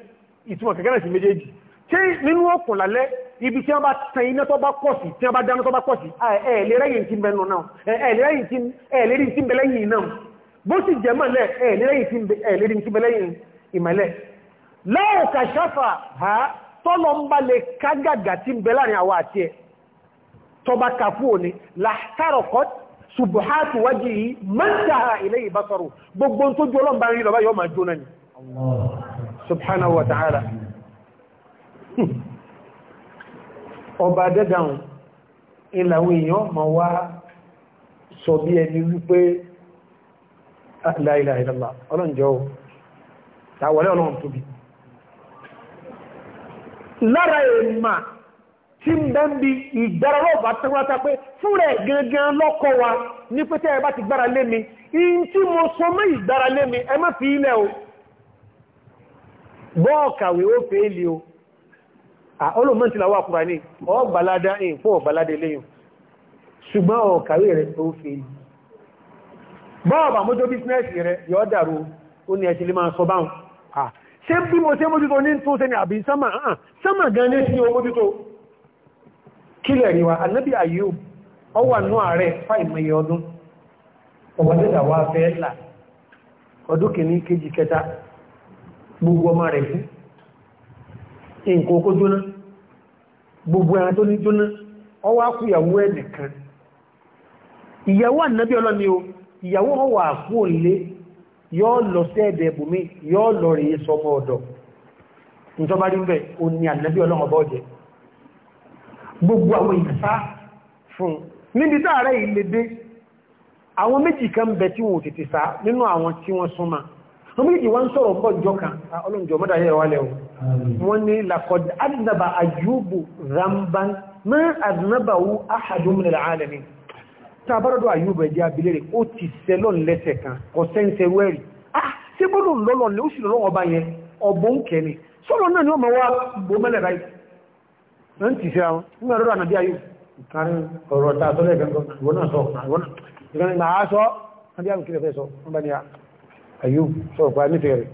ìtumọ̀ kẹ̀kẹ́rẹ̀ sí méjèèjì tí nínú òkùn lálẹ́ ibi tí wọ́n bá tan iná tó bá pọ̀ sí tí wọ́n bá dáná tó bá pọ̀ sí ẹ̀ẹ̀lẹ́rẹ́yìn tí ń bẹ lẹ́yìn náà bó sì jẹ́ mọ́lẹ̀ ẹ̀lẹ́rìn tí mẹ́lẹ́yìn ìmẹ́lẹ̀ láwọn kàṣáfà ha tọ́lọ ń bá lè kágàgà tí ń bẹ láàrin àwọn àti ẹ̀ tọba kàfú òní látàrọ̀kọ́ ṣubuhatu wájì yìí mẹ́ta ilẹ̀ ìbátọrù gbogbo tó jú ọlọ́mbà rí Ah, la ilaha illallah ọlọ́run tóbi lára èèmà tí ń bẹ́ ń bi ìgbáralọ́ọ̀bá tẹ́wọ́ta pé fúnra ẹ̀ gangan lọ́kọ́ wa ní pé ẹ bá ti gbára lé mi in tí mo sọ mẹ́ ìgbára lé mi ẹ má fi ilẹ̀ o bọ́ọ̀kàwé ó fẹ́ bọ́ọ̀bà mójó bísínẹ́sì rẹ̀ yọ́ dàrú ó ní ẹ̀ṣì lè máa sọ báhùn à ṣe bí mo ṣe mójútó ní tún ṣe ní àbí sánmà àà sánmà gan ní sí omójútó kílẹ̀ ríwa annabi Ayub ọwà nú ààrẹ ọdún fẹ́ ìyàwó ànàbí ìyàwó wọn wà kú òlé yóò lọ sí ẹ̀dẹ̀ ẹ̀bùnmí yóò lọ rí sọmọ ọ̀dọ̀ ìjọba rí bẹ́ẹ̀ o ní ànàbí ọlọ́run ọba ọ̀jẹ́ gbogbo àwọn ìkàsá fún níbi táàrẹ ìlédé àwọn méjì kan bẹ tí wọn ò tètè sá nínú àwọn tí wọ́n súnmọ́ wọ́n méjì wọ́n sọ̀rọ̀ pọ̀ jọ kan ọlọ́njọ́ mọ́dá yẹ tàbárọ̀dọ̀ àyùbọ̀ ẹ̀jẹ̀ abilérè ó ti sẹ́lọ̀n lẹ́sẹ̀ kan kò sẹ́ńsẹ̀ wẹ́rì ah ṣé gbọ́dọ̀ lọ́lọ́ ni ó sì lọ́wọ́ ọba yẹn ọ̀bọ̀ ń kẹ́ni sọ́lọ́ náà ni ọmọ wa bò mẹ́lẹ̀ báyìí ń ti sẹ́ra wọn nígbà lọ́dọ̀ ànàbí ayò kárí ọ̀rọ̀ ta sọ́lẹ̀ gangan ìwọ náà sọ ìwọ náà sọ ànàbí ayò kí lè fẹ́ sọ wọn bá ní ayò sọ pa nífẹ̀ẹ́ rẹ̀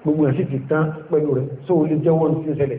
gbogbo ẹ̀ sì ti tán pẹ̀lú rẹ̀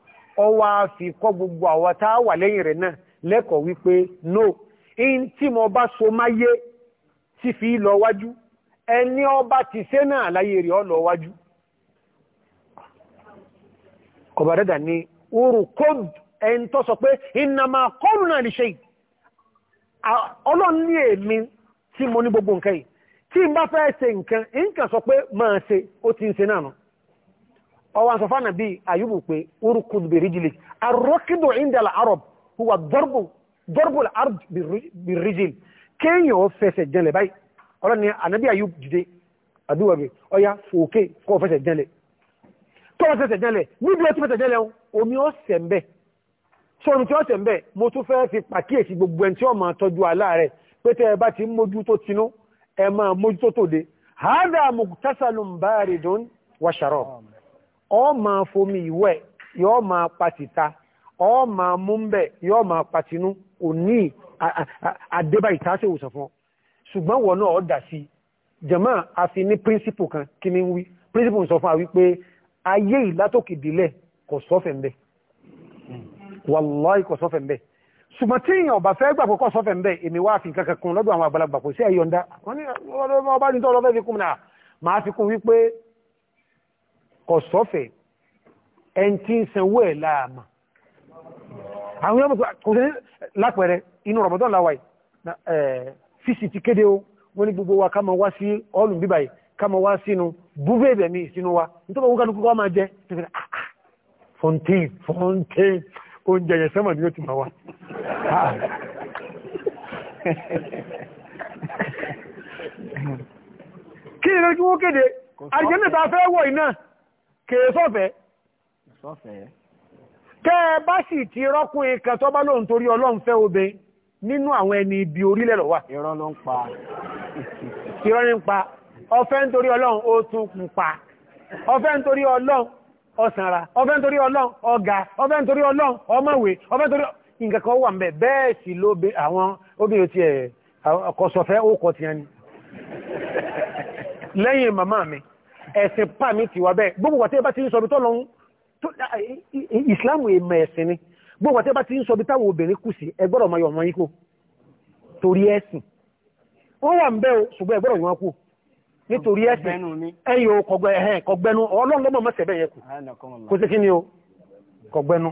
ọwọ́ àfi kọ́ gbogbo àwọn tá a wà lẹ́yìn rẹ̀ náà lẹ́kọ̀ọ́ wípé no in tí mo bá so máyé tí fi lọ wájú ẹni ọba ti sé náà láyé ọ lọ wájú. ọba ni oru ẹni tó sọ pé ìnàmà kọ́ọ̀lù náà lè ṣe ọlọ́run ní èmi tí mo ní gbogbo sọ pé máa ṣe ó ti ń ọwọ́n sọ fánà bí ayúbù pé orúkúdù bí ríjìlì arọ́kídò indala arab huwa dọ́rbùl arab bí ríjìlì kéèyàn ó fẹsẹ̀ jẹ́lẹ̀ báyìí ọlọ́ni ànábí ayúbù dìde àdúwà bí ọya fòókè kọ́ fẹsẹ̀ jẹ́lẹ̀ tó wọ́n fẹsẹ̀ jẹ́lẹ̀ níbi ó ti fẹsẹ̀ jẹ́lẹ̀ omi ó sẹ̀ ń bẹ̀ sọ̀rọ̀ tí ó sẹ̀ ń bẹ̀ mo tún fẹ́ fi pàkíyèsí gbogbo ẹni tí ó máa tọ́jú aláàárẹ̀ pé tẹ́ ẹ bá ti mójú tó tinú ẹ máa mójú tó tòde hádà mùtásàlùm wàṣàrọ̀ ọ máa fomi ìwẹ̀ yóò máa patìta ọ máa mú ń bẹ̀ yóò máa patinú kò ní àdébà ìtaṣẹ́ òwòsàn fún ọ ṣùgbọ́n wọ̀ náà ọ dà sí jẹ̀mọ́ aye ilatoke píríncípù kan kí ni wí píríncípù sọ fún wa wípé ayé ìlátòkè délẹ̀ kò sọ́fẹ̀ ńbẹ̀ wàláì kò sọ́fẹ̀ ńbẹ̀ ṣùgbọ́n tí èèyàn ọba fẹ́ gbàgbọ́ kọ́ sọ́fẹ̀ ńbẹ̀ èmi wá fi nǹkan kan kún lọ́dọ̀ àwọn àgbàlagbà kò sí ẹ̀yọ̀ǹda wọ́n ní ọba ní tọ́lọ́fẹ́ fi kún náà màá fi kún wípé kò sọ́fẹ̀ ẹn tí ń sanwó ẹ̀ láàmà àwọn ọmọ kò sí lápẹẹrẹ inú Ramadan láwàí fíìsì ti kéde o wọ́n ní gbogbo wa ká máa wá sí ọ́ọ̀lù bíbà yìí ká máa wá sínú búbẹ́ ẹ̀bẹ̀ mi sínú wa nítorí wọn kánú kúkọ́ máa jẹ ah, ah, fontaine fontaine oúnjẹ yẹn sẹ́mọ̀ ni ó ti máa wá ah. kí ni lójú wọ́n kéde àjẹ́mẹ́ta fẹ́ wọ̀ iná kèé sọ́fẹ́ kẹ́ ẹ bá sì ti rọ́kùnrin kan tó bá lóun torí ọlọ́run fẹ́ obe nínú àwọn ẹni ibi orílẹ̀ ló ń pa irọ́ ní pa ọfẹ́ nítorí ọlọ́run ó tún ń pa ọfẹ́ nítorí ọlọ́run ọ̀sànra ọfẹ́ nítorí ọlọ́run ọ̀gá ọfẹ́ nítorí ọlọ́run ọmọwé ọfẹ́ nítorí nǹkan kan wà ń bẹ̀ bẹ́ẹ̀ sì ló be àwọn obìnrin ẹ̀sìn pàmì ti wà bẹ́ẹ̀ gbogbo wàtí ẹbá ti ń sọ bí ìsìláàmù ẹ̀sìn ni gbogbo wàtí ẹbá ti ń sọ táwọn obìnrin kù sí ẹgbọ́rọ̀ ọmọ yọmọ yíkó torí ẹ̀sìn wọ́n wà ń bẹ́ o ṣùgbọ́n ẹgbọ́rọ̀ yọmọ kù nítorí ẹ̀sìn ẹ̀yọ kọgbẹ́nu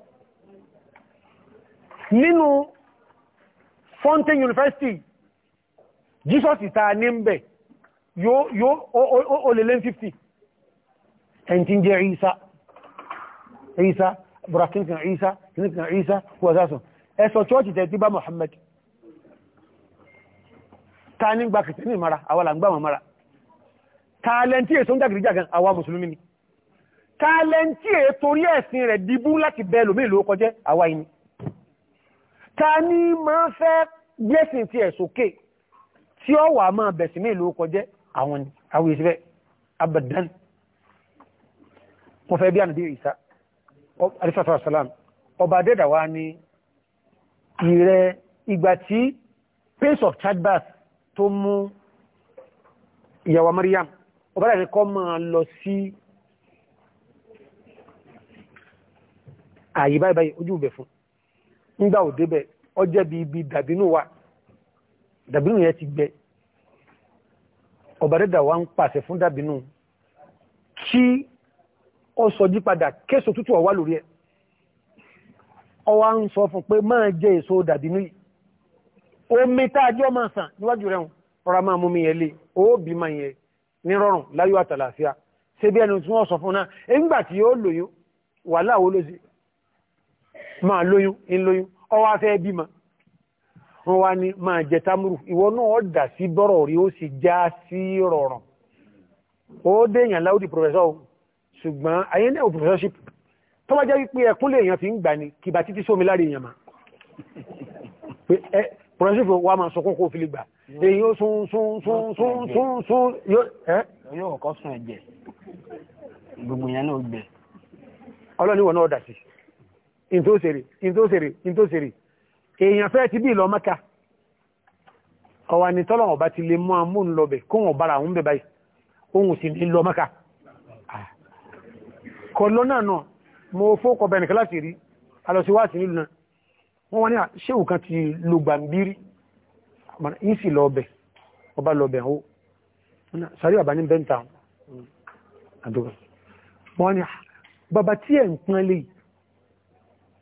nínú Fountain University Jesus ìta ní ń bẹ̀ yóò ó lè lé 50 ẹni tí ń jẹ́ Isa Isa burakinkin Isa kinkin Isa wọ́sásùn ẹ̀sọ̀ chọ́ọ̀tì tẹ́ tí bá Muhammad ta ní gba kìtẹ́ mara àwọn làgbà wọn mara tààlẹ́ntí èso ń dàgìríjà gan àwa mùsùlùmí ni tààlẹ́ntí ètorí ẹ̀sìn rẹ̀ dìbú láti bẹ́ẹ̀ lòmí ìlú ọkọjẹ́ yìí ta ní máa fẹ́ gbẹ́sìn ti ẹ̀ sókè tí ó wà máa bẹ̀sìn mí lóókọ jẹ́ àwọn ni àwọn èsì abadan wọ́n bí ànàbí ìsá alifasar salam ọba dẹ́dà wá ní ìrẹ ìgbà tí pace of childbirth tó mú ìyàwó Maryam ọba dẹ́dà kọ́ máa lọ sí àyíbáyìbáyì ojú ìbẹ̀ fún ńgbà ò débẹ̀ ọjẹ́ bí ibi dàbínú wa dàbínú yẹn ti gbẹ ọba dẹ́dà wa ń pàṣẹ fún dàbínú kí ó sọjí padà késo tútù ọwá lórí ẹ ọwá ń sọ fún pé máa jẹ èso dàbínú yìí omi tá a jọ máa sàn níwájú rẹ̀ rọra máa mú mi yẹn lé ó bí máa yẹn ní rọrùn láyọ̀ àtàlàáfíà ṣe bí ẹni tí wọ́n sọ fún náà nígbà tí yóò lòyún wàhálà wo ló ṣe Ma lóyún ńlóyún ọwọ́ afẹ́ bímọ wọ́n wá ní máa jẹ támúrù ìwọ náà ó dà sí bọ́rọ̀ rí ó sì já sí rọrùn ó déèyàn láwùdí pòfẹ́sọ̀ ṣùgbọ́n ayé náà pòfẹ́sọ̀ṣìp tó bá jẹ́ wípé ẹkún lè èèyàn fi ń gbà ní kìbà títí sómi láre èèyàn mà pòfẹ́sọ̀ṣìp wa máa sọkún kó fi lè gbà èyí ó sún sún sún sún sún sún yóò kọ́ sún ẹ̀jẹ̀ gbogbo èèyàn náà gbẹ ọlọ́ni wọn náà dà sí ìntòsèrè ìntòsèrè ìntòsèrè èèyàn fẹ́ ti bí ìlọ mẹ́ka ọwà ní tọ́lọ̀ ọba ti lè mú amú ńlọbẹ̀ kó wọn bára àwọn bẹ̀ báyìí ohun sì ní lọ mẹ́ka kọlọ náà náà mo fókọ bẹ̀rẹ̀ nìkan láti rí alọ́síwáàsí nílùú náà wọ́n wá ní àṣẹ́wù kan ti lo gbàǹbírí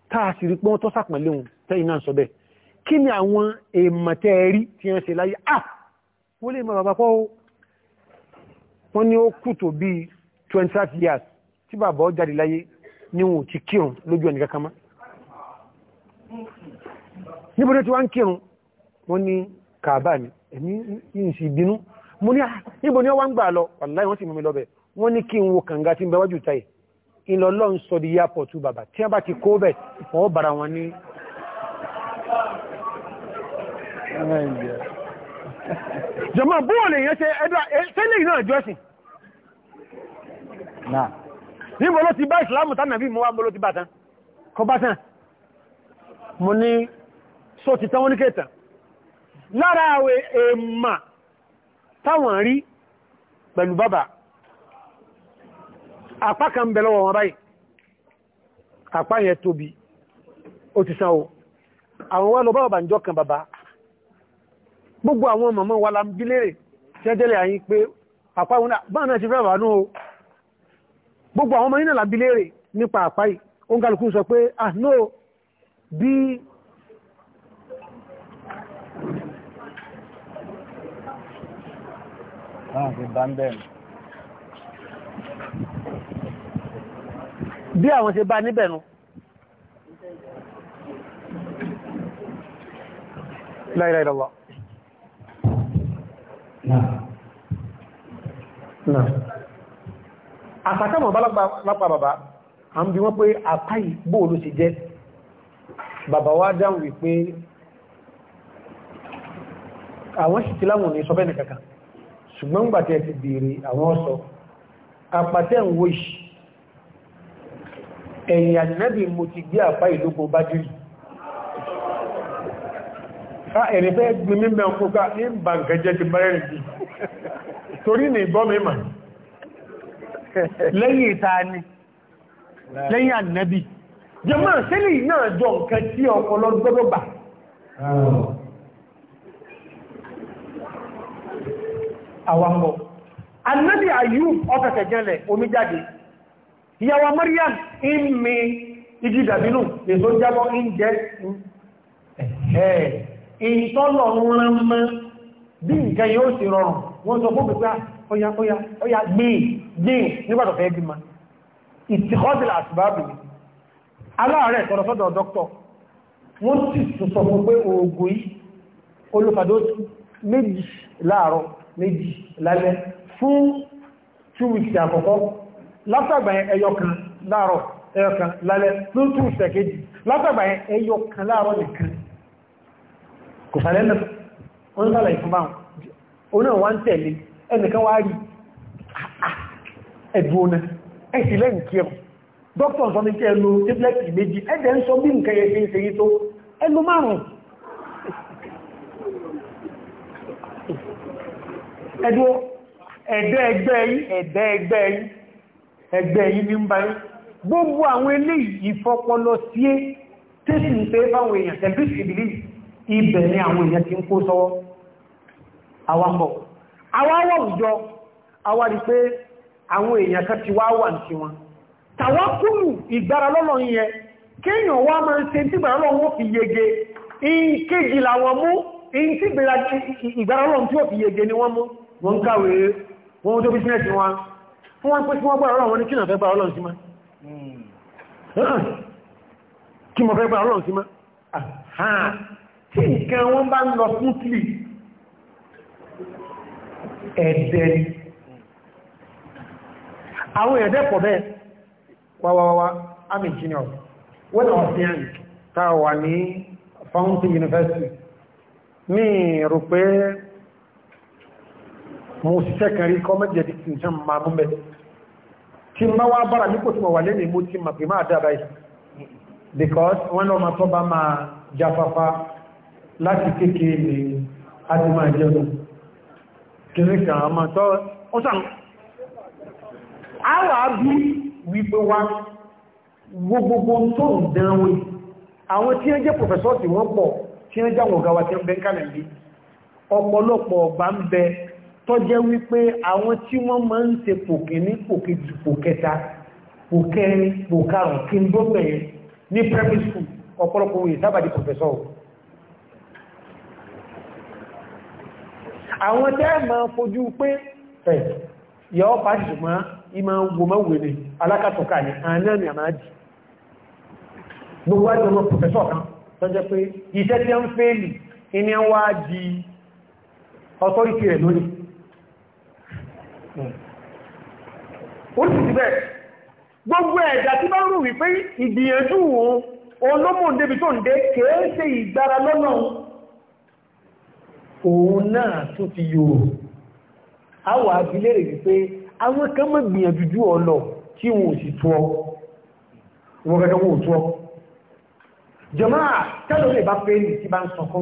táà sì rí pé wọ́n tọ́ sàpẹ̀lẹ̀ ohun tẹ́yìn náà sọ bẹ́ẹ̀ kí ni àwọn èèmọ̀tẹ́ rí tí wọ́n ṣe láyé à wọ́n lè mọ̀ bàbá pọ́ wọ́n ní ó kù tó bí 25 years tí bàbá ó jáde láyé ni wọn ò ti kírun lójú ẹni kankan mọ́ ni tí wọ́n ń kírun wọ́n ní kàbá mi èmi yìí sì mo ní níbo ni wọ́n wá ń gbà lọ wàláì wọ́n sì mú mi lọ kí n wo kànga tí ń bẹ wájú táyì ìlọ́lọ́ ń sọ di yàpọ̀ tú bàbá tí wọ́n bá ti kó bẹ̀ wọ́n bára wọn ní jọmọ́ bóò lè yẹ́ ṣe ẹ̀dà tẹ́lẹ̀ ìnáà jọ́sìn níbo ló ti bá ìsìlámù tánà bí mo wá mo ló ti bá tán kọ bá apá kan ń bẹ lọ́wọ́ wọn báyìí apá yẹn tóbi ó ti san o àwọn wá lọ bá bàbá kan bàbá gbogbo àwọn màmá wa la ń bí lérè tẹ́jẹ́lẹ̀ àyín pé apá wọn bá náà ti fẹ́ bàbá náà gbogbo àwọn ọmọ yìí náà la bí lérè nípa apá yìí ah no bí láàrin bá bí àwọn ṣe bá níbẹ̀ nu la ilaha illallah náà àtàkàmọ̀ bá lápá bàbá a ń bí wọ́n pé àpáyì bóòlù sí jẹ́ bàbá wá dáhùn wípé àwọn sì ti láwọn ní sọ́bẹ̀nì kankan ṣùgbọ́n gbàtẹ̀ ti bèèrè àwọn ọ̀sọ̀ àpàtẹ́ ń wó ìṣì ẹ̀yìn ànábì mo ti gbé àpá ìlógún bá jìrì ká ẹ̀rẹ̀ fẹ́ gbé mímẹ́ ọkọ́ká ní bà ń torí ní ìbọ́ mímọ̀ lẹ́yìn ìtaani lẹ́yìn ànábì jẹmọ́ sílẹ̀ náà jọ nǹkan tí ọpọlọ bà àwọn ọmọ omi jáde ìyàwó Maryam in mi igi dàbínú èso jábọ́ in jẹ́ ẹ̀ ìtọ́lọ̀ rán mọ́ bí nǹkan yóò sì rọrùn wọ́n sọ fún pípẹ́ ọya ọya ọya gbìn gbìn nígbàtọ̀ fẹ́ bí ma ìtìkọ́sílẹ̀ àtìbábì aláàrẹ̀ tọ́rọ sọ́dọ̀ dọ́kọ̀ wọ́n sì sọ fún pé oògùn yìí olùfàdótú weeks àkọ́kọ́ látàgbà yẹn ẹyọkan láàárọ̀ ẹyọkan lálẹ́ ló tún ìṣẹ̀kejì látàgbà yẹn ẹyọkan láàárọ̀ nìkan kò sàlẹ̀ náà wọ́n ń sàlẹ̀ ìfúnbà oná wá ń tẹ̀lé ẹnìkan wá rí ah, ah, ẹ̀dùn ọ̀nà ẹ̀sì lẹ́yìn kí ẹ̀rù dókítà sọ ní kí ẹ lo tíblẹ̀tì méjì ẹ̀dẹ̀ ń sọ bí nǹkan yẹ ṣe ń ṣe yí tó ẹnu márùn-ún ẹ̀dẹ̀ ẹgbẹ́ yìí ẹ̀dẹ̀ ẹgbẹ́ yìí ẹgbẹ́ yìí ní ń bá yìí gbogbo àwọn ilé ìfọpọlọ sí é tẹ́sì ń pé fáwọn èèyàn tẹ̀bí ìbìlì ibẹ̀ ni àwọn èèyàn ti ń kó sọ́wọ́ awapọ̀ awáwọ̀ òjò awárí pé àwọn èèyàn kan ti wá tí ó fi yege ni wọ́n mú wọ́n kàwé wọ́n tó bísínẹ̀sì wọn fún wọ́n pẹ́ sí wọ́n gbà ọ̀rọ̀ wọn ní kí náà fẹ́ gbà ọlọ́run sí má hmm. kí mọ̀ fẹ́ gbà ọlọ́run sí má tí nǹkan wọ́n bá ń lọ fún tíì ẹ̀dẹ̀ ni àwọn ẹ̀dẹ̀ pọ̀ bẹ́ẹ̀ wáwáwá i'm a junior when i was young ta wà ní fountain university ní rò pé mo ṣiṣẹ́ kan rí kọ́ mẹ́jẹ̀ di tí nǹkan máa mú mẹ́jẹ̀ tí ma wá bára ní kò tí mo wà lẹ́nu ìmú tí ma pè máa dára yìí because wọ́n lọ ma tó bá máa jáfáfá láti kékeré ní àti máa jẹun kìrì kan àmà tọ́ ó sàn áwà bí wípé wá gbogbogbò tó ń dánwò àwọn tí wọ́n jẹ́ pòfẹ́sọ́ tí wọ́n pọ̀ tí wọ́n jáwọn ọ̀gá wa tí wọ́n bẹ́ ń kàlẹ̀ ọ̀pọ̀lọpọ̀ ọgbà ń bẹ tó jẹ́ wípé àwọn tí wọ́n máa ń ṣe pòkìní pòkejì pòkẹta pòkẹrin pòkarùn kí n bó bẹ̀yẹn ní primary school ọ̀pọ̀lọpọ̀ òye sábàdì pòfẹ́sọ̀ àwọn tẹ́ máa fojú pé ẹ̀ yọ pàṣì mọ́ ìmọ̀ wòmọ́wèrè alákàtọ̀kà ní àánà ni àmájì gbogbo àjọmọ̀ pòfẹ́sọ̀ kan tó jẹ́ pé iṣẹ́ tí a ń fèèlì ìní wá ó sì ti bẹ́ẹ̀ gbogbo ẹ̀dà tí bá rú wípé ìgbìyànjú òun olómùn débi tó ń dé kèé ṣe ìgbára lọ́nà òun náà tó ti yòrò àwọ̀ abilérè wípé àwọn kan mọ́ gbìyànjú jù ọ lọ tí wọn ò sì tọ́ wọn gẹ́gẹ́ wọn ò tọ́ jọmọ́ tẹ́lọ̀ lè bá pé ní tí bá ń sọkọ́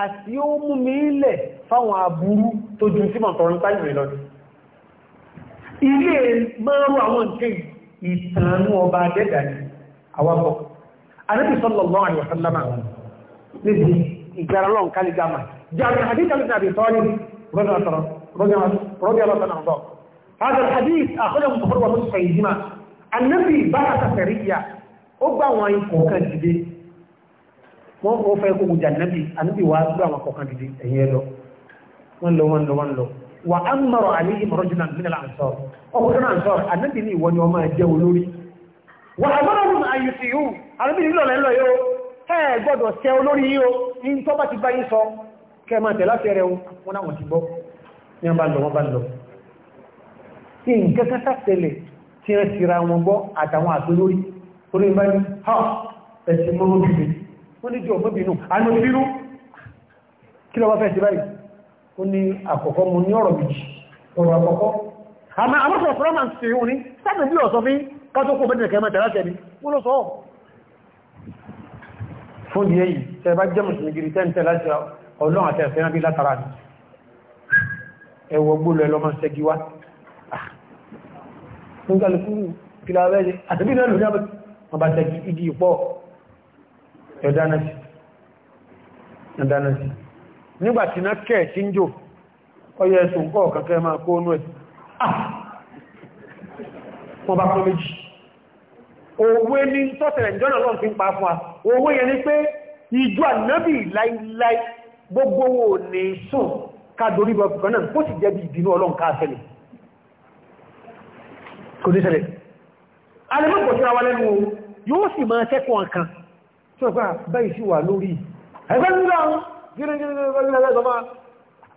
àti ó mú mi ilẹ̀ fáwọn àbúrú tó ju sí mọ̀tọ̀rọ̀ táìmì lọ ilé márùn àwọn nǹkan ìtànú ọba dẹ́dà ní àwọ́pọ̀ Ànábì sallallahu alaihi wasallam níbi ìgbàrà lọ́n kálígámà jàmì hadith alìsàbì tọ́lì rọ́gbẹ̀rọ̀ هذا الحديث أخذه البخاري ومسلم في الجماع النبي بعث سرية أبا وين كوكا جديد wọ́n kọ́ fẹ́ kó wùjà nábì ànábì wàá gbọ́ àwọn kọ̀ọ̀kan dìde ẹ̀yìn ẹ lọ wọ́n lọ wọ́n lọ wọ́n lọ wà á ń mọ̀rọ̀ àní ìmọ̀rọ̀ jùlọ nínú àǹsọ̀ ọkùnrin àǹsọ̀ ànábì ní ìwọ ni ọmọ ẹ̀jẹ̀ olórí wà á mọ̀rọ̀ wọn àyè sí yóò ànábì nílò lẹ́lọ yóò ẹ gbọ́dọ̀ ṣe olórí yóò ní tó bá ti bá yín sọ kẹ máa tẹ̀ láti ẹrẹ wọn àwọn ti gbọ́ ní wọn bá lọ wọn bá lọ kí nǹkan kan sàtẹlẹ̀ tí ẹ ti ra wọn gbọ́ àtàwọn àtolórí olóyìn bá ní ha ẹ̀sìn mọ́mọ́ bíbí wọ́n ní jọ mọ́bìnú anúbírú kí lọ bá fẹ́ sí báyìí ó ní àkọ́kọ́ mú ní ọ̀rọ̀ méjì ọ̀rọ̀ àkọ́kọ́ àmà àmọ́sọ̀rọ̀ fọ́nàmà ti rí ní sáàbì bí ọ̀sọ́ fí kátókò bẹ́ẹ̀ kẹ́mẹ́ tẹ̀lá tẹ̀lé wọ́n ló sọ fún di èyí tẹ́ bá jẹ́ mùsùlùmí gidi tẹ́ ń tẹ́ láti ọlọ́run ah. igi ìpọ̀ ẹ̀dánásí ẹ̀dánásí nígbàtí náà kẹ́ẹ̀ tí ń jò ọyẹ ẹ̀sùn kọ́ kankan máa kó nú ẹ̀ ah! wọ́n bá kọ́ méjì owó ní tọ́tẹ̀rẹ̀ ìjọ́nà lọ́n fi ń pa fún wa owó yẹn ni pé ìjọ ànábì láíláí gbogbo wo ní sùn kádorí bọ̀ kan náà kó sì jẹ́ bí ìdínú ọlọ́n ká ṣẹlẹ̀ kò ní ṣẹlẹ̀ alẹ́mọ̀pọ̀ síra wa lẹ́nu yóò sì máa ṣẹ́kùn ọ̀kan sọ́fà ah, báyìí sí wà lórí ẹgbẹ́ nílá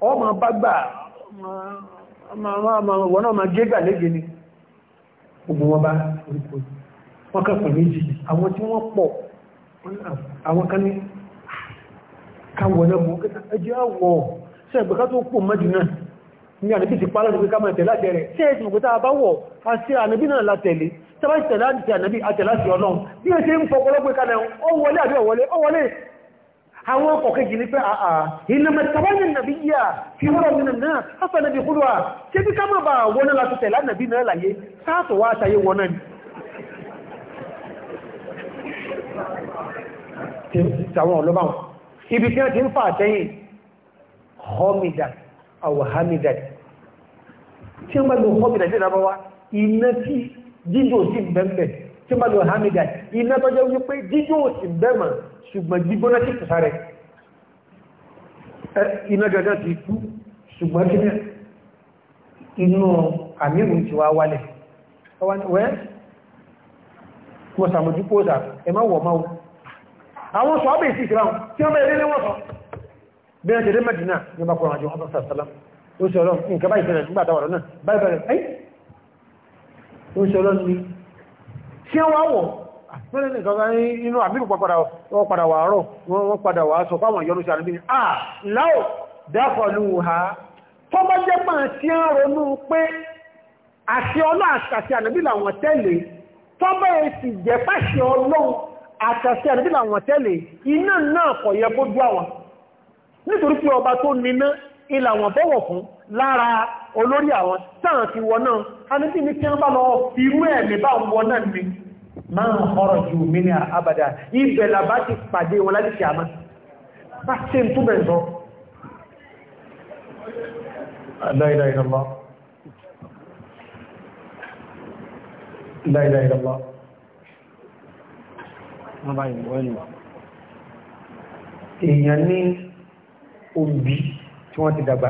ọmọ bá gbà wọn náà máa gẹ́gà lége ni gbogbo wọn bá orípo wọn kẹfà méjì àwọn tí wọ́n pọ̀ àwọn kan ní káwọn náà mọ́ ẹjẹ́ àwọ̀ sí ẹgbẹ̀ká tó pò mọ́jù náà ní àníbí ti pálọ́ ní pé ká mọ̀ tẹ̀lá tẹ̀rẹ̀ sí ẹ̀sìn òkúta àbáwọ̀ àti àníbí náà látẹ̀lé tọ́bá ìtẹ̀lá àti ànàbí àtẹ̀láti ọlọ́run bí o ṣe ń fọpọlọpọ̀ kalẹ̀ ó wọlé àbí ọ̀wọlé ó wọlé àwọn ọkọ̀ kejì ní pé àà ìnàmà tàbáyé nàbí yíà fi wọ́n ọmọ náà afẹ́ nàbí kúrò à ṣe bí ká mọ́ bá wọ́n náà láti tẹ̀lá nàbí náà láyé sáàtò wá àtàyé wọn náà tàwọn ọlọ́bà wọn ibi tí wọ́n ti ń fà àtẹ́yìn homidat àwọn hamidat tí wọ́n bá lọ homidat ìdábọ́wá iná tí jíjò sí bẹ́ẹ̀bẹ̀ tí ma lọ hamida iná tọ́jọ́ wípé jíjò sí bẹ́ẹ̀mà ṣùgbọ́n gbígbóná sí kùsà rẹ̀ iná gẹ́gẹ́ ti kú ṣùgbọ́n kí inú àmìrù ti wá wálẹ̀ wẹ́ mo sàmójú pósà ẹ má wọ̀ máa àwọn sọ ábẹ̀ ìsìnkìrá tí wọ́n mẹ́rin ní wọ́n sọ bí wọ́n ti rí mẹ́dínà ní bá tó ń ṣọlọ́ ní ṣé wọ́n wọ̀ fẹ́rẹ́ nìkan bá ní inú àmìrù padà wà rọ̀ wọ́n padà wà sọ fáwọn ìyọnu sí àríbí ah láò dákọlù ha tó bá jẹ́ pàà tí ń ronú pé àti ọlọ́ àti ànábì làwọn tẹ̀lé tó bá èsì jẹ́ pàṣẹ ọlọ́run àtàṣẹ ànábì làwọn tẹ̀lé iná náà kọ̀ yẹ kó dú àwọn nítorí pé ọba tó níná ilà wọn bọ̀wọ̀ fún lára olórí àwọn tàn ti wọ náà anìtí ní kí wọ́n bá lọ irú ẹ̀mẹ̀ bá wọ náà ni máa ń ọ̀rọ̀ jù mí ní àbàdà ìbẹ̀là bá ti pàdé wọn láti ṣàmá bá ṣe ń túbẹ̀ sọ èèyàn ní òbí tí wọ́n ti dàgbà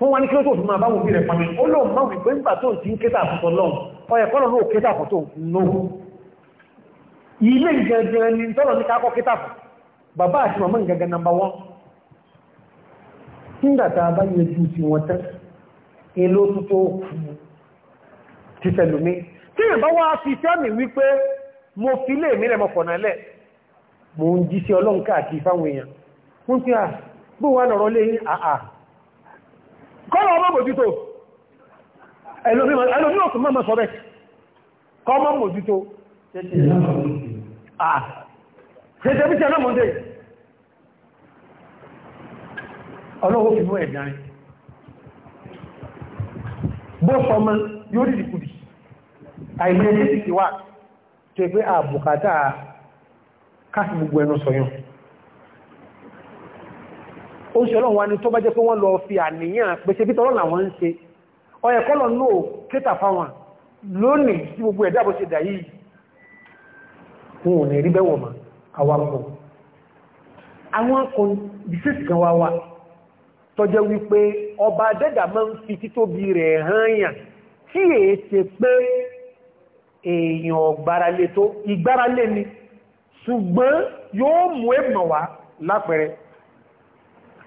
wọ́n wá ní kí ó tó fi máa báwọn bí rẹ̀ pàmì ó lóun máa wípé ń gbà tó ti ń kéta àfútọ́ lọ́n ọ̀yẹ̀ kọ́lọ̀ ló kéta àfútọ́ no ilé ìgẹ̀gẹ̀ ni tọ́lọ̀ ní kákọ́ kéta fún bàbá àti màmá ìgẹ̀gẹ̀ nàmbà wọn nígbàtà bá yẹ ju ti wọn tẹ́ èlò tó tó ti tẹ̀lùmí tí ìbá wá fi sẹ́mì wípé mo fi lè mílẹ̀ mọ̀fọ̀nà lẹ̀ mo ń jí sí ọlọ́nkà lọ̀rọ̀ lẹ́yìn àà kọ́lọ̀ ọmọ mòjútó ẹlòmí ọ̀tún mọ́ sọ bẹ́ẹ̀ kọ́mọ́ mòjútó ṣẹ̀ṣẹ̀ ah. bí ṣẹ̀lọ́ mọ́dé ọlọ́wọ́ fi ẹ̀dá rẹ̀ bó yóò rí ìkùdì àìlẹ́ àbùkátà gbogbo ẹnu ó ń ṣe ọlọ́run wa ni tó bá jẹ́ pé wọ́n lọ fi àníyàn pèsè bí tọ́lọ́ làwọn ń ṣe ọyẹ̀ kọ́lọ̀ náà kéta fáwọn lónìí sí gbogbo ẹ̀dá bó ṣe dà yìí wọn ò ní rí bẹ́wọ̀ mà àwapọ̀ àwọn kan bíṣẹ́sì kan wá wá lápẹẹrẹ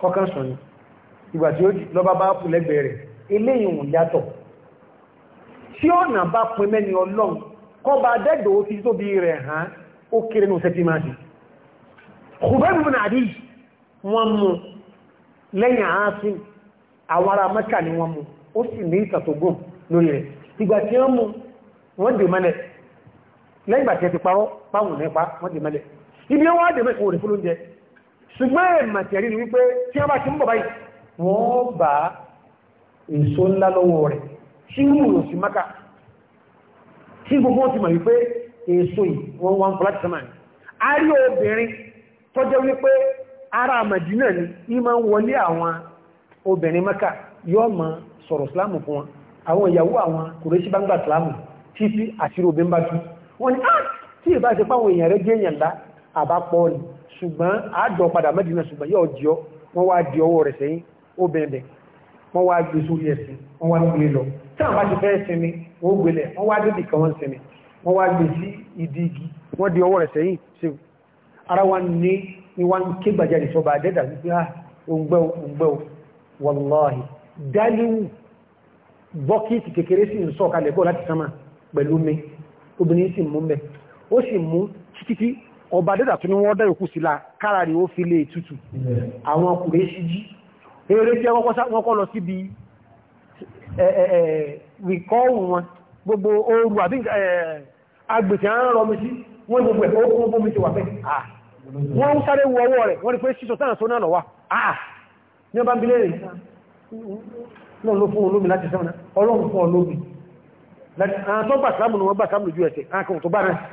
ọkàn sọ ni ìgbà tí ó lọ́ba bá kú lẹ́gbẹ̀ẹ́ rẹ̀ eléyìí òun yàtọ̀ tí ọ̀nà bá pin mẹ́ni ọlọ́run kọba adẹ́gbẹ̀ ó ti tóbi rẹ̀ hàn ó kéré ní sẹ́tí máa dì ṣùgbọ́n mú nàdí wọ́n mú lẹ́yìn àásí àwọn ìgbà tí ẹ ti pawọ́ páwùn nípa wọ́n dè mẹ́lẹ̀ ibi wọ́n dè mẹ́kà òrìfúlóúnjẹ ṣùgbọ́n ẹ̀mà tẹ̀rí ni wípé tí wọ́n bá ti ń bọ̀ báyìí wọ́n bá èso ńlá lọ́wọ́ rẹ̀ tí wùrò sí maka tí gbogbo ti mọ̀ wípé èso yìí wọ́n wá ń ní a rí obìnrin tó jẹ́ wípé ara àmàdínà ni í máa ń wọlé àwọn obìnrin maka yóò máa sọ̀rọ̀ sílámù fún wọn àwọn ìyàwó àwọn kòrèṣí bá ń gbà sílámù títí àṣírí obìnrin bá tú wọ́n ni á ah! tí ìbá ṣùgbọ́n àjọ padà mẹ́dínà ṣùgbọ́n yóò jọ wọ́n wá di ọwọ́ rẹ̀ sẹ́yìn ó bẹ̀rẹ̀ wọ́n wá gbé sórí ẹ̀sìn wọ́n wá gbé lọ tí àwọn bá ti fẹ́ sinmi wọ́n gbélẹ̀ wọ́n wá débi kan wọ́n sinmi wọ́n wá gbé sí ìdí igi wọ́n di ọwọ́ rẹ̀ sẹ́yìn ara wa ní ni wọ́n ń ké gbàjáde sọba àdẹ́dà wípé ah òǹgbẹ́ òǹgbẹ́ wàláhì dáliwù bọ́kìtì kékeré sì ń sọ̀kalẹ̀ bọ́ láti sánmà ọba dẹ́dà tó ní wọ́n dá ìkú sílá kára rí ó fi lè tútù àwọn ọkùnrin sí jí eré tí wọ́n kọ́ lọ síbi wìkọ́ọ̀wù wọn gbogbo ooru àbí agbèsè àárán rọmi sí wọ́n gbogbo ẹ̀ ó kún ni pé sísọ sáà sóná lọ wá ní ọba ń bilé rẹ̀ lọ́n ló fún olómi láti sẹ́wọ̀n ọlọ́run fún olómi àwọn tó gbà sáàmù ni wọ́n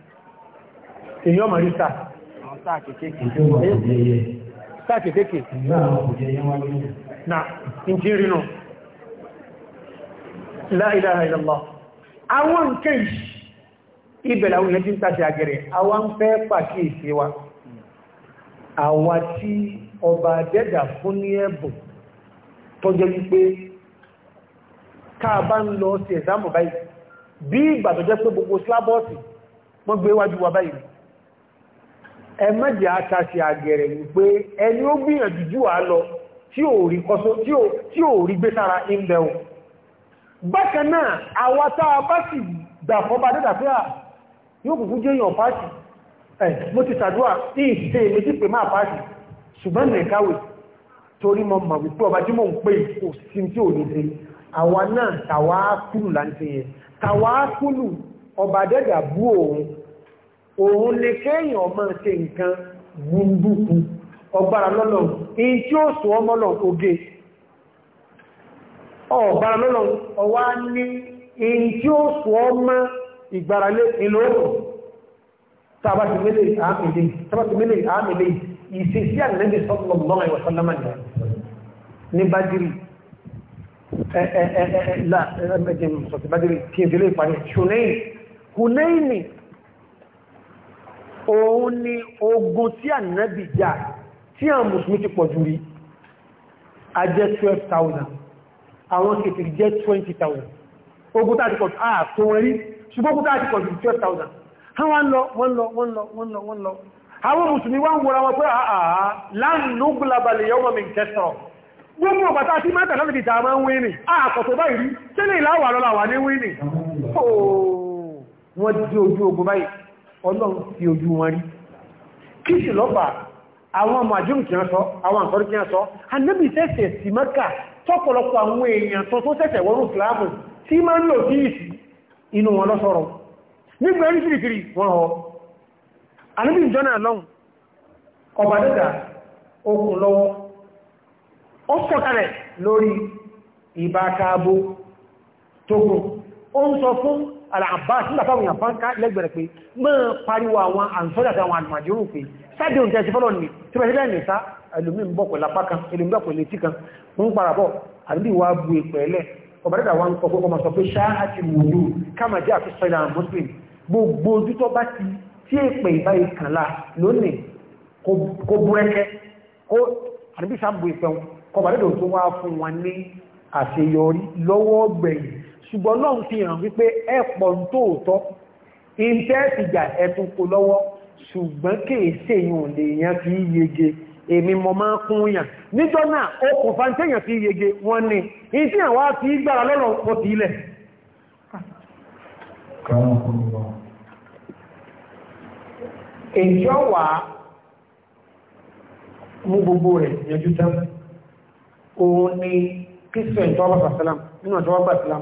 èyí marisa rí sáà na àwọn nǹkan ìbẹ̀lẹ̀ àwọn ń tàṣẹ àwọn ń fẹ́ pàkí wa tí ọba dẹ́dà fún ní wípé káàbá ń lọ sí báyìí bí pé gbogbo slábọ́ọ̀sì gbé wájú wa báyìí ẹ mẹ́jẹ̀ àtàṣì àgẹ̀rẹ̀ wípé ẹni ó gbìyànjú jù á lọ tí ò rí kọsọ tí ò rí gbé sára ìbẹ̀wò bákan náà àwa a bá sì dàfọ́ bá dẹ́dà pé à yóò kùkú jẹ́ èèyàn pàṣì ẹ̀ mo ti sàdúwà tí ìṣẹ́ méjì pè máa pàṣì ṣùgbọ́n nìkáwẹ̀ torí mọ mọ̀ wípé ọba jí mọ̀ ń pè kò sí tí ò ní ọba dẹ́dà bú òun òun lè kéèyàn ọmọ ṣe nǹkan gbùngbùkù ọgbára lọ́lọ́ in tí ó sọ ọmọlọ oge ọgbára lọ́lọ́ ọwá ní in tí ó sọ ọmọ ìgbàralé ìlòrò tàbátì mẹ́lẹ̀ àmìlẹ̀ ìsẹsí ànẹ́bì sọ́tọ̀lọ́gbọ́n òun ni ogun tí ànábì jà tí àwọn mùsùlùmí ti pọ̀ jù rí a jẹ́ 12,000 àwọn kèfèrí jẹ́ 20,000 ogun tàbí pọ̀ àà tó wọ́n rí ṣùgbọ́n ogun tàbí pọ̀ jù 12,000 wọ́n lọ wọ́n lọ wọ́n lọ wọ́n lọ wọ́n lọ àwọn mùsùlùmí wá ń wọ́ra wọn pé àà lánàúgbùlabalẹ̀ yọmọ mi kẹsàn gbogbo ọ̀pàtà tí mẹ́ta lọ́nà ìta máa ń wé nì àkọ̀tọ̀ báyìí rí tẹ́lẹ̀ ìlàwà lọ́la wà ní wé nì ooo wọ́n di ojú ogun báyìí ọlọ́run fi ojú wọn rí kí sì lọ́bà àwọn ọmọ àjúm kí wọ́n sọ àwọn àkọ́rí kí wọ́n sọ anábì sẹ́sẹ̀ sí mẹ́kà tọ́pọ̀lọpọ̀ àwọn èèyàn tó tó sẹ́sẹ̀ wọ́rún fìlàmù tí máa ń lò sí ìsì inú wọn lọ́sọ̀rọ̀ nígbà ẹni kìrìkìrì wọn họ anábì jọ́nà lọ́hùn Al-Abbas nígbà táwọn èèyàn fán ká lẹ́gbẹ̀rẹ̀ pé mọ́ pariwo àwọn àǹsọ́dà àtàwọn àlùmàjòrò pé sáàdì oúnjẹ ti fọ́lọ̀ ní tí wọ́n sílẹ̀ nìta ẹlòmí ń bọ̀ pẹ̀lú apá kan ẹlòmí bọ̀ pẹ̀lú etí kan ń parabọ̀ àbí wà bu ìpẹ̀lẹ̀ ọ̀bàdàdà wa ń kọ pẹ́kọ́ sọ pé ṣáá àti wòlú káàmà jẹ́ àfisọ ìlànà muslim gbogbo ojú tó bá ti tí èpè ìbáyìí kan lá lónìí kó búrẹ́kẹ́ kó àbí sáà bu ìpẹ̀wọn kọ̀bàdàdà tó wá fún wọn ní àṣeyọrí lọ́wọ́ gbẹ̀yìn ṣùgbọ́n náà fi hàn wípé ẹ pọ̀ ń tóòtọ́ ìtẹ́ẹ̀tìjà ẹ̀tún kò lọ́wọ́ ṣùgbọ́n kèèṣe yìí lè yàn fi yege èmi mọ máa kún yàn níjọ́ náà ó kò fàntẹ́yàn fi yege wọ́n ni ìtí àwọn àti ìgbàrà lọ́rọ̀ pọ̀ sí ilẹ̀ èyí ọ̀wà mú gbogbo rẹ̀ yanjú tán òun ni kí sọ ìtọ́wọ́ bàtàlám nínú ọ̀tọ́wọ́ bàtàlám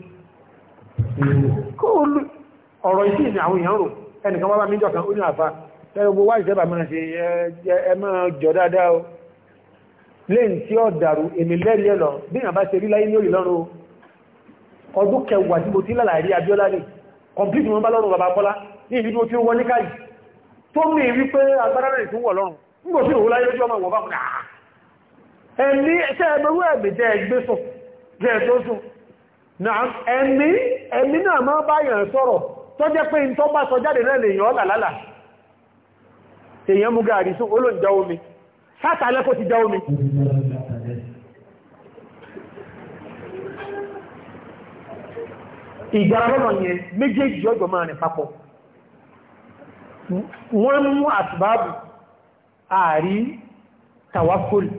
kó ọ̀rọ̀ ìsí ìní àwọn èèyàn rò ẹnìkan wá bá mi jọ̀kan ó ní àfá ẹgbogbo wá ìṣẹ́bà máa ṣe ẹmọ́ jọ dáadáa o lẹ́yìn tí ó dàrú èmì lẹ́rí ẹ̀lọ bí ìyàn bá ṣe rí láyé ní orí lọ́rùn ọdún kẹwàá tí mo ti lálàrí abíọ́lá ní kọ̀mpútù wọn bá lọ́rùn bàbá kọ́lá ní ìdí mo ti wọ́n ní káyì tó mi rí pé agbára rẹ̀ náà ẹ̀mí ẹ̀mí náà máa báyàn sọ̀rọ̀ tó jẹ́ pé tó bá sọ jáde náà lèyàn ọ̀làlálà èyàn mú gààrí sún olóòjá omi sátàlẹ́ kó ti já omi ìgbàràbọ̀nà yẹn méjèèjì ọjọ́ máa rìn papọ̀ wọ́n mú àtìbáàbù ààrí tàwákòlì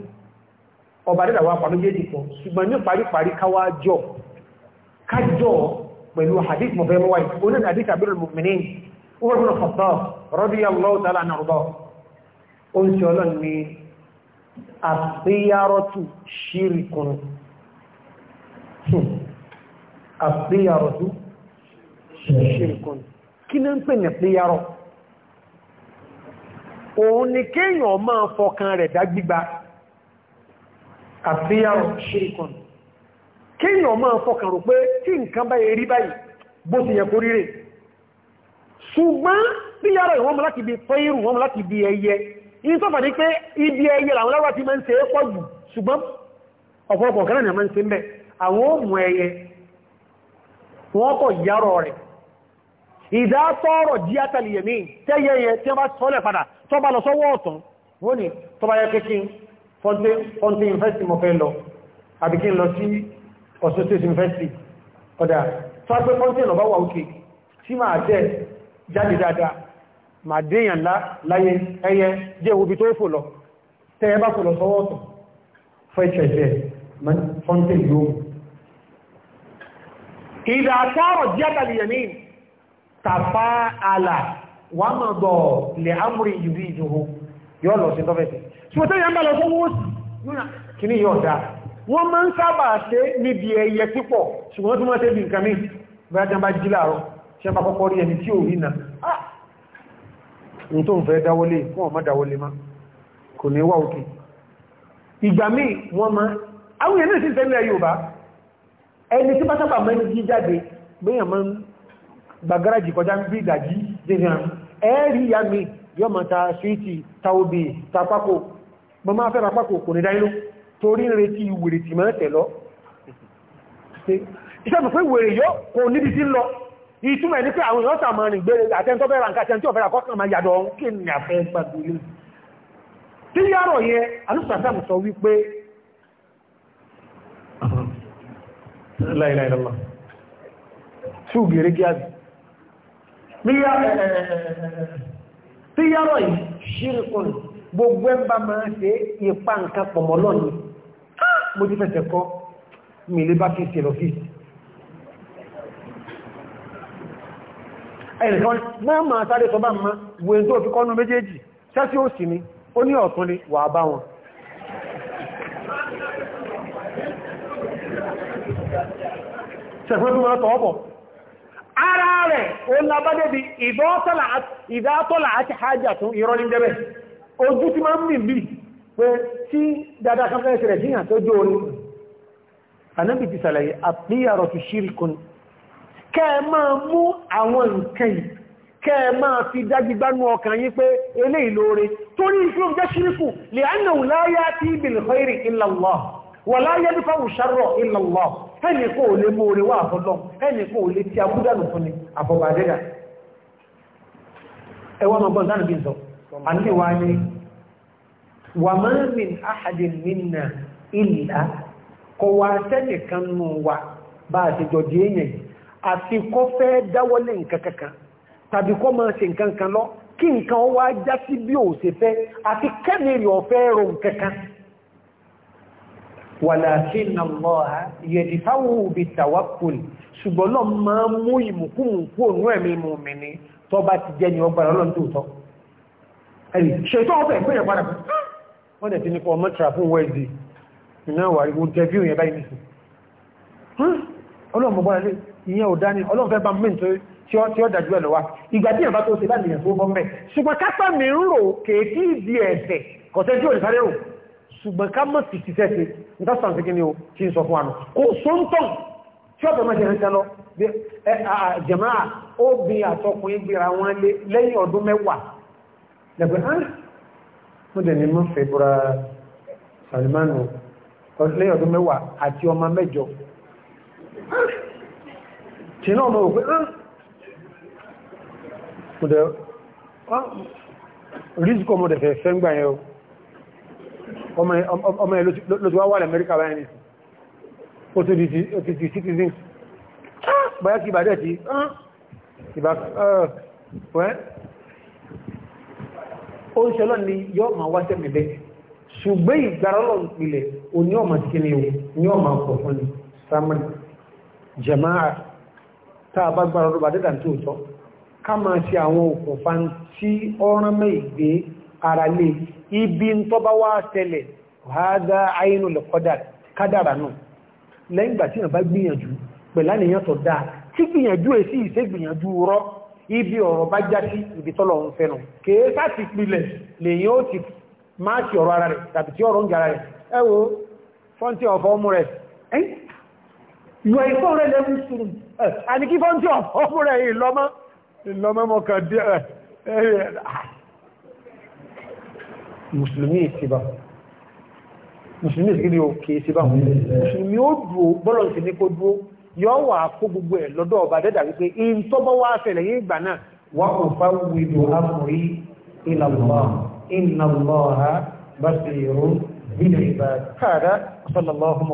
ọba dídàwà pàdójé dìpọ̀ ṣùgbọ́n ní paríparí káwàá jọ́ kájọ́ pẹ̀lú hadith mọ̀fẹ́ mọ́wàí onílẹ̀ hadith abirul mu'minin Umar bin Khattab radiyallahu ta'ala anhu ó ń ṣe ọlọ́n hmm. ni àfíyárọ́tù ṣírìkùn àfíyárọ́tù ṣírìkùn kí ní ń pè ní àfíyárọ́ òun ni kéèyàn máa fọkàn rẹ̀ dágbígba àfíyárọ́ ṣírìkùn kéèyàn máa fọkàn rò pé tí nǹkan bá erí báyìí bó ti yẹ kó ríre ṣùgbọ́n bí yára ìwọ́n mọ́ láti bí tọ́yìrù wọ́n mọ́ láti bí ẹyẹ in tó fàdí pé ibi ẹyẹ làwọn lára ti máa ń ṣe é pọ̀jù ṣùgbọ́n ọ̀pọ̀lọpọ̀ kan náà máa ń ṣe mẹ́ àwọn ó mú ẹyẹ tó bá lọ sọ́wọ́ ọ̀tàn wọ́n ni tó lọ àbíkín lọ sí ọ̀sọ̀ state university ọ̀dà tó agbé fountain ọba wà òkè tí máa jẹ́ jáde dáadáa ma déyàn láyé ẹyẹ jẹ́ òbí tó fò lọ tẹ́ ẹ bá fò lọ sọ́wọ́ ọ̀tọ̀ fẹ́ẹ̀ṣẹ̀ṣẹ̀ fountain yóò ìdà àtàrọ̀ jẹ́kàlìyàní tàfà àlà wà máa bọ̀ lè ámúrí ìrìn ìjòhó yóò lọ sí tọ́fẹ́sì ṣùgbọ́n tẹ́yàn bá lọ sọ́wọ́ òsì kìíní yóò dáa wọ́n máa ń sábà ṣe níbi ẹyẹ pípọ̀ ṣùgbọ́n tí wọ́n ṣe bí nǹkan mí bẹ́ẹ̀jẹ́ bá jí láàárọ̀ ṣe bá kọ́kọ́ rí ẹni tí ò rí náà ah! tó ń fẹ́ dáwọlé fún ọmọ dáwọlé má kò ní wà òkè ìgbà mí wọ́n máa àwọn èèyàn sì tẹ́lẹ̀ mi yọ́ máa ta síìtì ta obì ta pákó mọ́ máa fẹ́ ra kò ní dáínú torí ń retí wèrè tí máa tẹ̀lọ́ iṣẹ́ mọ̀ pé wèrè yọ́ kò níbi tí ń lọ ìtumọ̀ ní pé àwọn ìyọ́sà máa rìn gbére àtẹ́ntọ́ bẹ́ra nǹkan àtẹ́ntí ọ̀fẹ́ra kọ́kàn máa yàdọ̀ ọ̀hún kí ni àfẹ́ gbàgbélé tí yàrọ̀ yẹn alùsàtàmù sọ wípé láìláìlọ́lá tí ò gèrè gíàdì tí yàrọ̀ yìí ṣírìkùn gbogbo ẹ mo ti fẹsẹ̀ kọ́ mi lè bá fi ṣe lọ́fíìsì ẹ̀rẹ̀ kan máa máa sáré sọ bá ma wo èso òfin kọ́nù méjèèjì ṣẹ́sí ó sì ni ó ní ọ̀tún ni wà bá wọn ṣẹ̀fẹ́ fún wọn tọ́ọ̀bọ̀ ara rẹ̀ ó lábádé bí ìdátọ́là àti hajjá tún ìrọ́líndẹ́bẹ̀ ojú ti máa ń mì pé tí dáadáa kan fẹ́ ṣẹlẹ̀ díyàn tó jó orí anábì ti sàlàyé àpíyàrọ̀ ti ṣírìkún kẹ́ ẹ máa mú àwọn nǹkan yìí kẹ́ ẹ máa fi dágbígbánú ọkàn yín pé eléyìí lóore torí ìfún jẹ́ ṣírìkù lè ánàwò láyá tí bil khairi illa Allah wà láyé nípa òṣàrọ̀ illa wà máa min ahadin minna illa kọ wá sẹ́nì kan nù wa bá a ti jọdí èèyàn àti kọ́ fẹ́ dáwọ́lé nǹkan kankan tàbí kọ́ máa ṣe nǹkan kan lọ kí nǹkan ó wá já sí bí ò ṣe fẹ́ àti kẹ́mìrì ọ̀fẹ́ rò nǹkankan walakin Allaha yẹ̀dìfáwò bí tawakkul ṣùgbọ́n náà máa mú ìmùkúmùkú wọ́n dẹ̀ ti ní kọ́ mọ́tra fún wẹ́ẹ̀dì iná wà rí oúnjẹ bí òyìn báyìí nìsìn ọlọ́run mọ́gbọ́n alẹ́ ìyẹn ò dání ọlọ́run fẹ́ bá mẹ́ntọ́ tí ó dájú ẹ̀ lọ́wà ìgbà tí ìyàn bá tó ṣe bá nìyàn tó bọ́ mẹ́ ṣùgbọ́n kápá mi ń rò kéèkì ìdí ẹ̀ẹ̀tẹ̀ kọ̀tẹ́ tí ò lè sáré rò ṣùgbọ́n ká mọ̀ sí ti sẹ́sẹ̀ nígbà sàn sí kí ni o ti ń sọ fún àná kò sóńtàn tí ọ̀tọ̀ mẹ́sẹ̀ rẹ̀ sẹ́lọ jẹ̀máà ó bí àtọkùnrin gbéra wọn lé lẹ́yìn ọdún mẹ́wàá lẹ́gbẹ̀ẹ́ mọ́dẹ̀ ni mọ́ fẹ́ bọ́ra Salimanu lẹ́yìn ọdún mẹ́wàá àti ọmọ mẹ́jọ tí náà mọ́ òpé ah! mọ́dẹ̀ ah! rízikọ́ mọ́dẹ̀ fẹ́ fẹ́ ń gbà yẹn ọmọ ẹ̀ ló ti wá wà l'Amẹ́ríkà báyìí nìsí ó tó di citizen ah! báyá kí ìbàdẹ̀ ó ń ṣọlọ́ ni yọ́ ma wá sẹ́mi bẹ́ẹ̀ ṣùgbọ́n ìgbàrọ́lọ̀ ìpìlẹ̀ òní ọmọ o ní ọmọ ọkọ̀ fún ni samari jama'a tá a bá gbàrọ̀ lọ́ba dídà tó tọ́ ká máa ṣe àwọn òkùnfà tí ara ibi ń tọ́ bá wá tẹ́lẹ̀ ọ̀hágá àyínú lẹ́kọ́dà kádàrà náà lẹ́yìn ìgbà tí wọ́n bá gbìyànjú pẹ̀lá nìyàn tó dáa tí gbìyànjú ibi ọ̀rọ̀ bá já sí ibi tọ́lọ̀ ń fẹ́nu kèé sáti pilẹ̀ lèyìn ó ti máa ti ọ̀rọ̀ ara rẹ̀ tàbí tí ọ̀rọ̀ ń gara rẹ̀ ẹ wo fọ́ntí ọ̀fọ́ ọmú rẹ̀ ìwọ̀ ìfọ́ rẹ̀ lẹ́mú sùúrù àti kí fọ́ntí ọ̀fọ́ ọmú rẹ̀ yọ wà kó gbogbo ẹ̀ lọ́dọ̀ ọba dẹ́dà wípé in tó bọ́ wá fẹ̀lẹ̀ yìí ìgbà náà wà kò fá wùdò amòrí ila Allah inna Allaha basirun bil ibad hada sallallahu